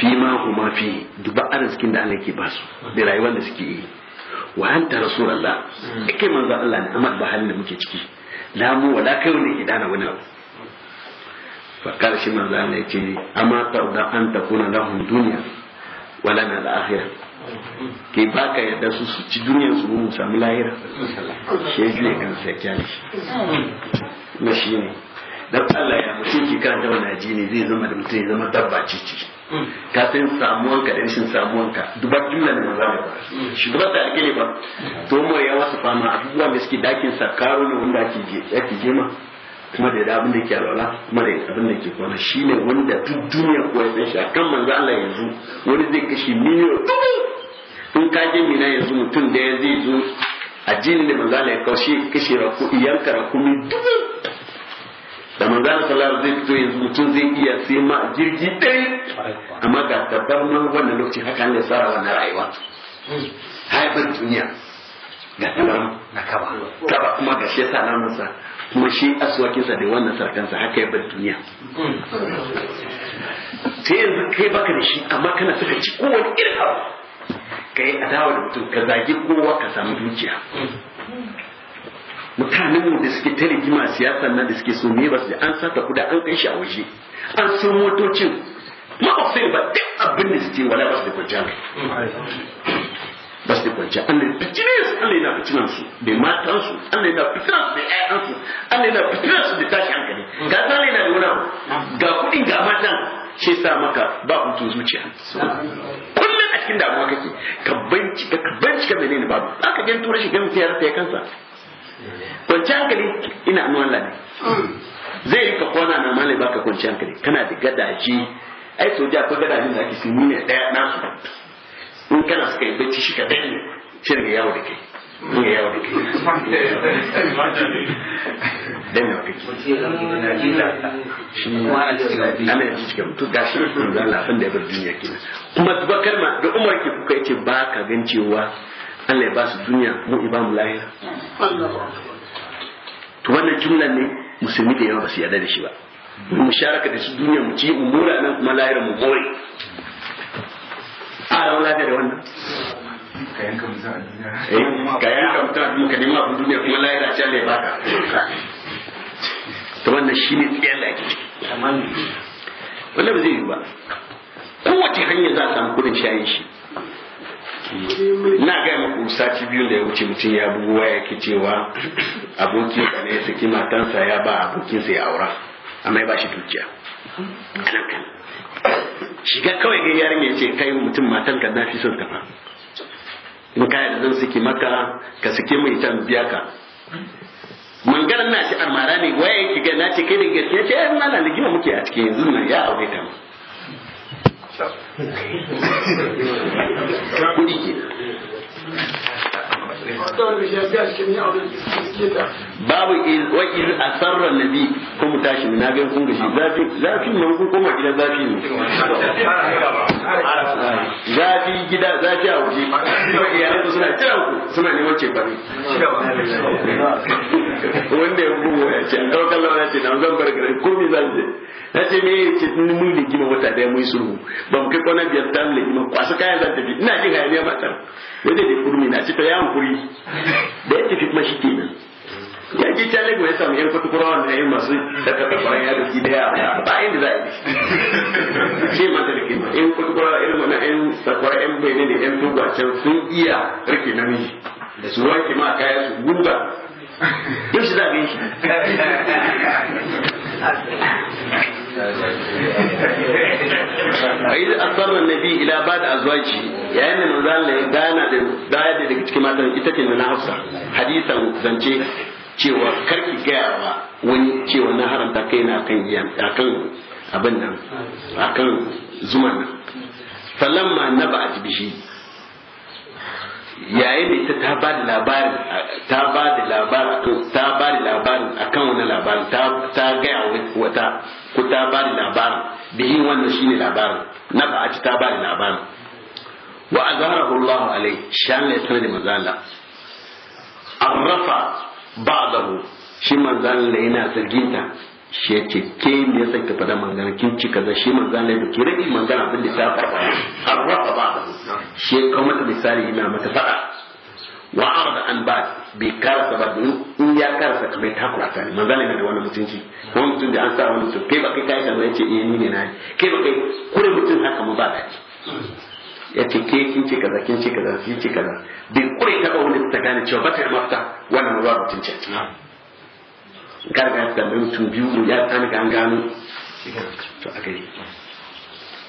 fi ma kuma fi duba arzikin da Allah ke ba su da rayuwar da suke yi wa anta rasulullah hmm. kai manzo Allah ne amma ba halin da muke ciki la mu wala kai wani ke dana wani abu fa karshe manzo Allah ya ce amma da an kuna lahum dunya wala na al-akhirah ke ba ka yarda su su ci duniyar su mu sami lahira shi ne kan sakiya shi na shi ne dan Allah ya mutu ki karanta wani ne zai zama da mutum ya zama dabba ci ci ka san samuwan ka da shin samuwan ka dubar jumla ne maza shi dubar da ake ba to mu ya wasu fama abubuwan da suke dakin sakaro ne wanda ake je ma kuma da abin da ke alwala kuma da abin da ke kwana ne wanda duk duniya ko ya san shi kan manzo Allah yanzu wani zai kashe miliyan dubu tun ka je mina yanzu mutum da ya zai zo addinin da manzo Allah ya kawo shi kashe rako iyanka rakumi dubu da manzo Allah sallallahu alaihi wasallam yanzu mutum zai iya sai ma jirgi ɗaya amma ga tabbar nan wannan lokaci haka ne sarawa wannan rayuwa haifar duniya ga tabbar na kaba kaba kuma ga shi sa. na kuma shi aswakinsa da wannan sarkansa haka ya bar duniya sai yanzu kai baka da shi amma kana suka ci kowane irin abu kai adawa da mutum ka zagi kowa ka samu dukiya mutanen mu da suke ta rigima siyasa nan da suke so ne ba su an saka kuda an kai shi a waje an so motocin ma ba ba duk abin da suke wala ba su da kwanciyar ba su da kwanci Allah ya su Allah yana fitinan su da matan su Allah yana fitinan su da ƴaƴan su Allah yana fitinan su da tashi hankali ga ta yana da wuna ga kuɗin ga matan shi sa maka ba hutun zuciya kullum a cikin damuwa kake ka bincika ka bincika menene babu aka je tura shi gan fiyar ta kansa kwanci hankali ina Allah ladi zai yi ka kwana na malai baka kwanci hankali kana da gadaje ai soja ko gadajen da ake sun ne ɗaya nasu in kana suka yi bacci shi ka dani shi daga yawo da kai ne yawo da kai danne kai shi ana ji cikin mutu ga shi mutum da lafin da ya bar duniya kenan kuma duba kalma da umar ke kuka yace ba ka gan cewa Allah ya ba su duniya mu iba mu lahira to wannan jumlan ne musulmi da yawa ba su yarda da shi ba mu sharaka da su duniya mu ci umura nan kuma lahira mu gore a rawa lafiya da wannan ka yanka mutum a duniya eh ka yanka mutum a duniya ka nemi abin kuma lahira can ne ya baka to wannan shine tsiyar da ake ciki wanda ba zai yi ba kowace hanyar za a samu kudin shayin shi na gaya maku sati biyu da ya wuce mutum ya bugu waya ke cewa abokinsa ne ya saki matansa ya ba abokinsa ya aura amma ya ba shi dukiya shiga kawai ga yarinya ce kai mutum matan ka nafi son ka fa in kaya da zan siki maka ka suke mai can biya ka mangaran na ce armara ne waye ki ga na ce kai da gaskiya ce ai eh, mana ligima muke a cikin yanzu nan ya aure ta kudi ke babu wakil asarar nabi ko mu tashi na ga kun gashi zafi zafi ne ko kuma gida zafi ne zafi gida zafi a waje kuma suna suna ce bari wanda ya buwa ya ce ya ce na zan bar gare ko mi zan je na ce me ya ce mun da gima wata daya mun sulhu ba mu kai kwana biyar ta da gima kwasu kayan zan tafi ina jin hayaniya matar wanda da kurmi na cika yawon kuri da yake tafi kuma shi nan ya ke ta lagos ya samu yan kwatukura wanda ya yi masu daga kafaran ya da da yara ba inda za a yi ce mata da kima yan kwatukura irin wannan yan sakwara yan bayanin da yan tuba can sun iya rike namiji da su wanke ma kaya su guga yau shi za a shi فإذا أصر النبي إلى بعد أزواجه yayin da nuna ne ya gana da daya daga cikin matan ita ce na Hafsa hadisan zance cewa karki gaya wa wani cewa na haramta kai na kan akan abin nan akan zuman nan falamma na ba a bishi yayin da ita ta ba da labarin ta ba da labarin ta ba da labarin akan wani labarin ta ta gaya wata ko ta ba da labarin bihin wannan shine labarin na ba ta ba da labarin wa azharahu Allah Alayhi, shi Allah ya manzala da arrafa ba'dahu shi manzala Allah yana sirginta shi ya ce ke ne yasa ka fara magana kin ci kaza shi manzala Allah da ke rabi magana abin da ta faɗa arrafa ba'dahu shi ya kawo mata misali yana mata faɗa wa arda an ba bi karasa ba in ya karasa kamar ta kurata ne manzo ne da wannan mutunci wani mutun da an sa wani to kai ba kai kai kaza yace eh ni ne na kai ba kai kure mutun haka mu ba dace ya ce ke kin ce kaza kin ce kaza kin ce kaza bin kure ta wani ta gane cewa ba ta yi mafita wannan ruwa mutum ce garga da mai mutum biyu ya tsani ga an gano to a yi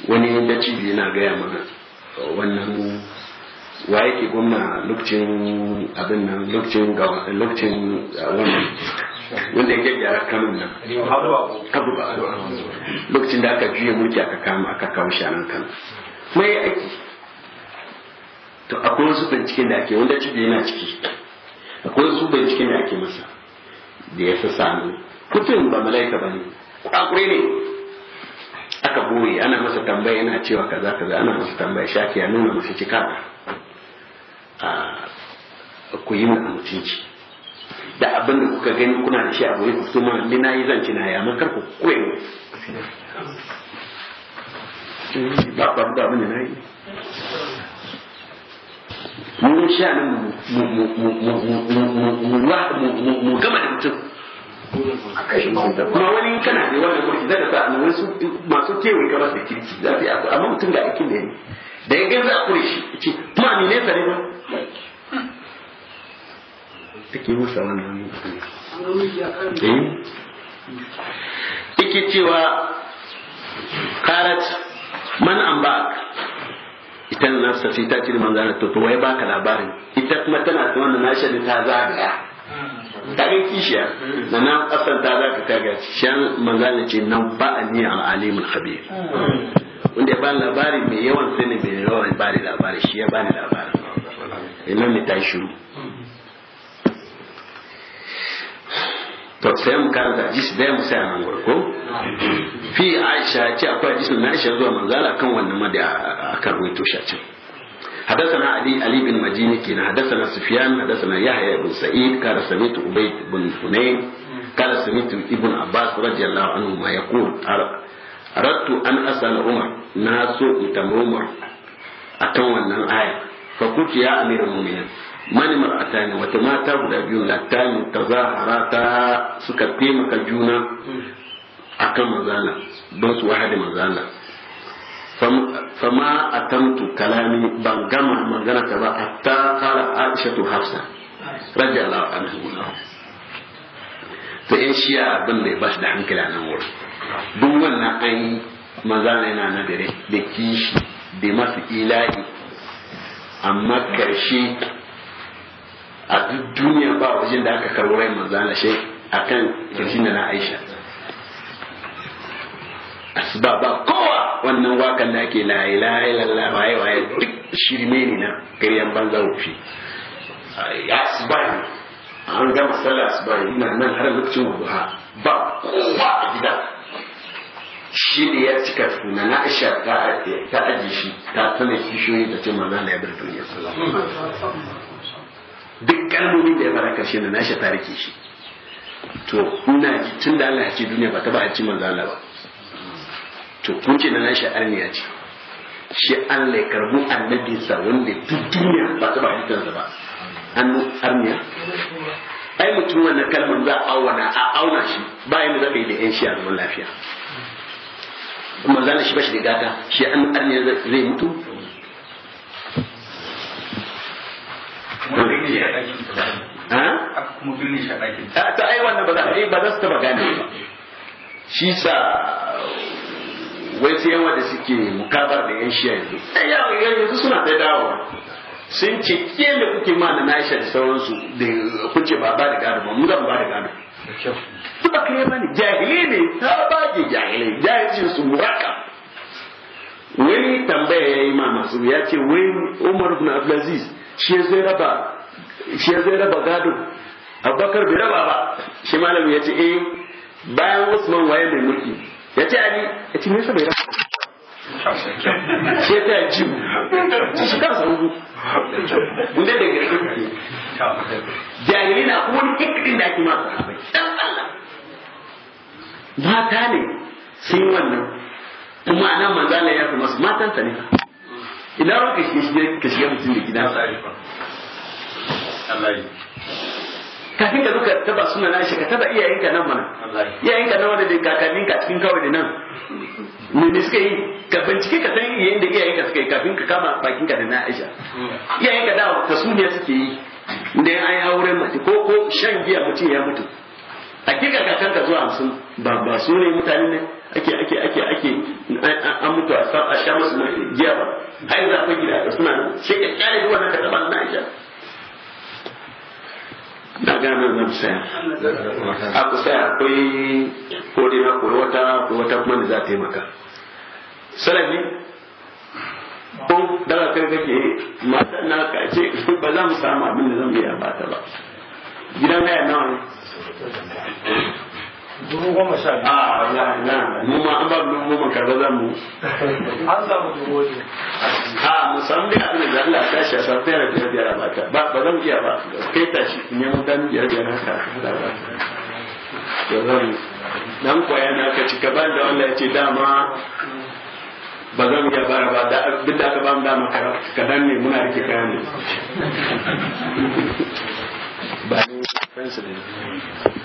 wani da cibi yana gaya mana wannan wa yake gwamna lokacin abin nan lokacin lokacin uh, wannan wanda yake gyara kanun nan lokacin da aka juya mulki aka kama aka kawo shanan kano mai aiki to akwai wasu binciken da ake wanda ciki yana ciki akwai wasu binciken da ake masa da ya fi sami kutun ba mala'ika ba ne kwakure ne aka boye ana masa tambaya yana cewa kaza kaza ana masa tambaya shafi ya nuna masa cika a ku yi mana mutunci da abin da kuka gani kuna da shi a buri ku ni na yi zanci na ya makar ku koyi ne ba ba ba na yi mun shi mu gama da wani kana wani mulki zaka a wasu masu yi amma mutum ga aikin da ya da ya kure shi ce kuma ni ne ba take cewa karat man ita na safi ta cire manzana to to wai baka labarin ita kuma tana ta wannan nashi ta zagaya ga kishiya na nan asan ta zaka kaga shan manzo ce nan ba ani al alim al khabir wanda ya bani labari mai yawan sani mai yawan bani labari shi ya bani labari ina ne ta shiru to sai mu karanta hadisi da mu sai nan gurko fi aisha ce akwai hadisin na aisha zuwa manzala kan wannan ma da aka ruwaito shi a can حدثنا علي علي بن مديني كنا حدثنا سفيان حدثنا يحيى بن سعيد قال سمعت عبيد بن حنين قال سمعت ابن عباس رضي الله عنهما يقول أردت أن أسأل عمر ناس تمر عمر أتوا الآية فقلت يا أمير المؤمنين mani mar'ata ne wata mata guda biyu na tani ta zahara ta suka taimaka juna a kan manzana don su wahadi manzana fama a tamtu kalami ban gama magana ta ba a ta a aisha to hafsa raja Allah anhu Ta in shi abin da ba shi da hankali a nan wurin duk wannan an yi manzana yana na dare da kishi da masu ilahi amma karshe a duk duniya ba wajen da aka karɓi rai manzo a kan akan kirshi na Aisha asba ba kowa wannan wakan da ake la ilaha illallah waye waye duk shirme ne na ƙaryan banza rufi asba ne an gama sallah asba ne ina nan har lokacin duha ba kowa a gida shi da ya cika tuna na aisha ta ajiye shi ta tana kishiyoyi da ce manzana ya bar duniya sallallahu alaihi wasallam duk kalmomin da ya fara karshe na nashi ta rike shi to kuna ji tun da Allah ya ce duniya ba ta ba ci manzo Allah ba to kun ce na nashi arniya ce shi Allah ya karbu annabinsa wanda duk duniya ba ta ba a ba an arniya ai mutum wannan kalmar za a auna a auna shi bayan da zaka yi da yan shi a zaman lafiya kuma zan shi bashi da gata shi an arniya zai mutu kuma hmm. ta ai wannan ba za a ba za su taɓa gane ba shi sa wai sai yawa da suke mukabar da yan shiya yanzu ai yawa yanzu suna ta dawo sun ce ke da kuke ma na nashi da sauransu da kuke ba ba da gado ba mu zan ba da gado su ba kai ba ne jahili ne ta ba ke jahili jahilci su muraka wani tambaya ya yi ma masu ya ce wai umar ibn abdulaziz shi zai raba zai raba gado abubakar bai raba ba shi malami ya ce eh bayan usman waye mai mulki ya ce ali ya ce nesa bai raba ya ta ji ci shi kansa hudu inda da gargaɗi kuke jahili na kuma wani kekkin da ake ma dan Allah mata ne sun wannan kuma anan manzala ya fi masu matansa ne ina ruwan ka shiga mutum da gidan kafin ka zo ka taba suna na shi ka taba iyayenka nan mana iyayenka nan wanda da kakannin ka cikin kawai da nan me ne suka yi ka bincike ka san iyayen da iyayenka suka yi kafin ka kama bakin ka da na Aisha iyayenka da ta suniya suke yi da an aure mace ko ko shan giya mutum ya mutu hakika kakan ka zuwa hamsin ba ba su ne mutane ne ake ake ake ake an mutu a sa a sha musu giya ba har yanzu akwai gida da suna sai ka kyale duk na ka ba na aisha na gane nan saya a kusa akwai kodi na kuri wata kuri wata kuma da za ta yi maka salami ko daga kai kake mata na ka ce ba za mu samu abin da zan biya ba ta ba gidan gaya nawa ne dubu goma sha biyu ah, a na mu ma an ba dubu mu an dubu ne a ah, mu abin da Allah ta a biyar biyar ba ba zan iya ba kai ta shi ne mu dan biyar biyar haka da zan na ka da Allah ya ce dama ba zan iya ba da da aka ba mu dama muna rike kayan ne ba ne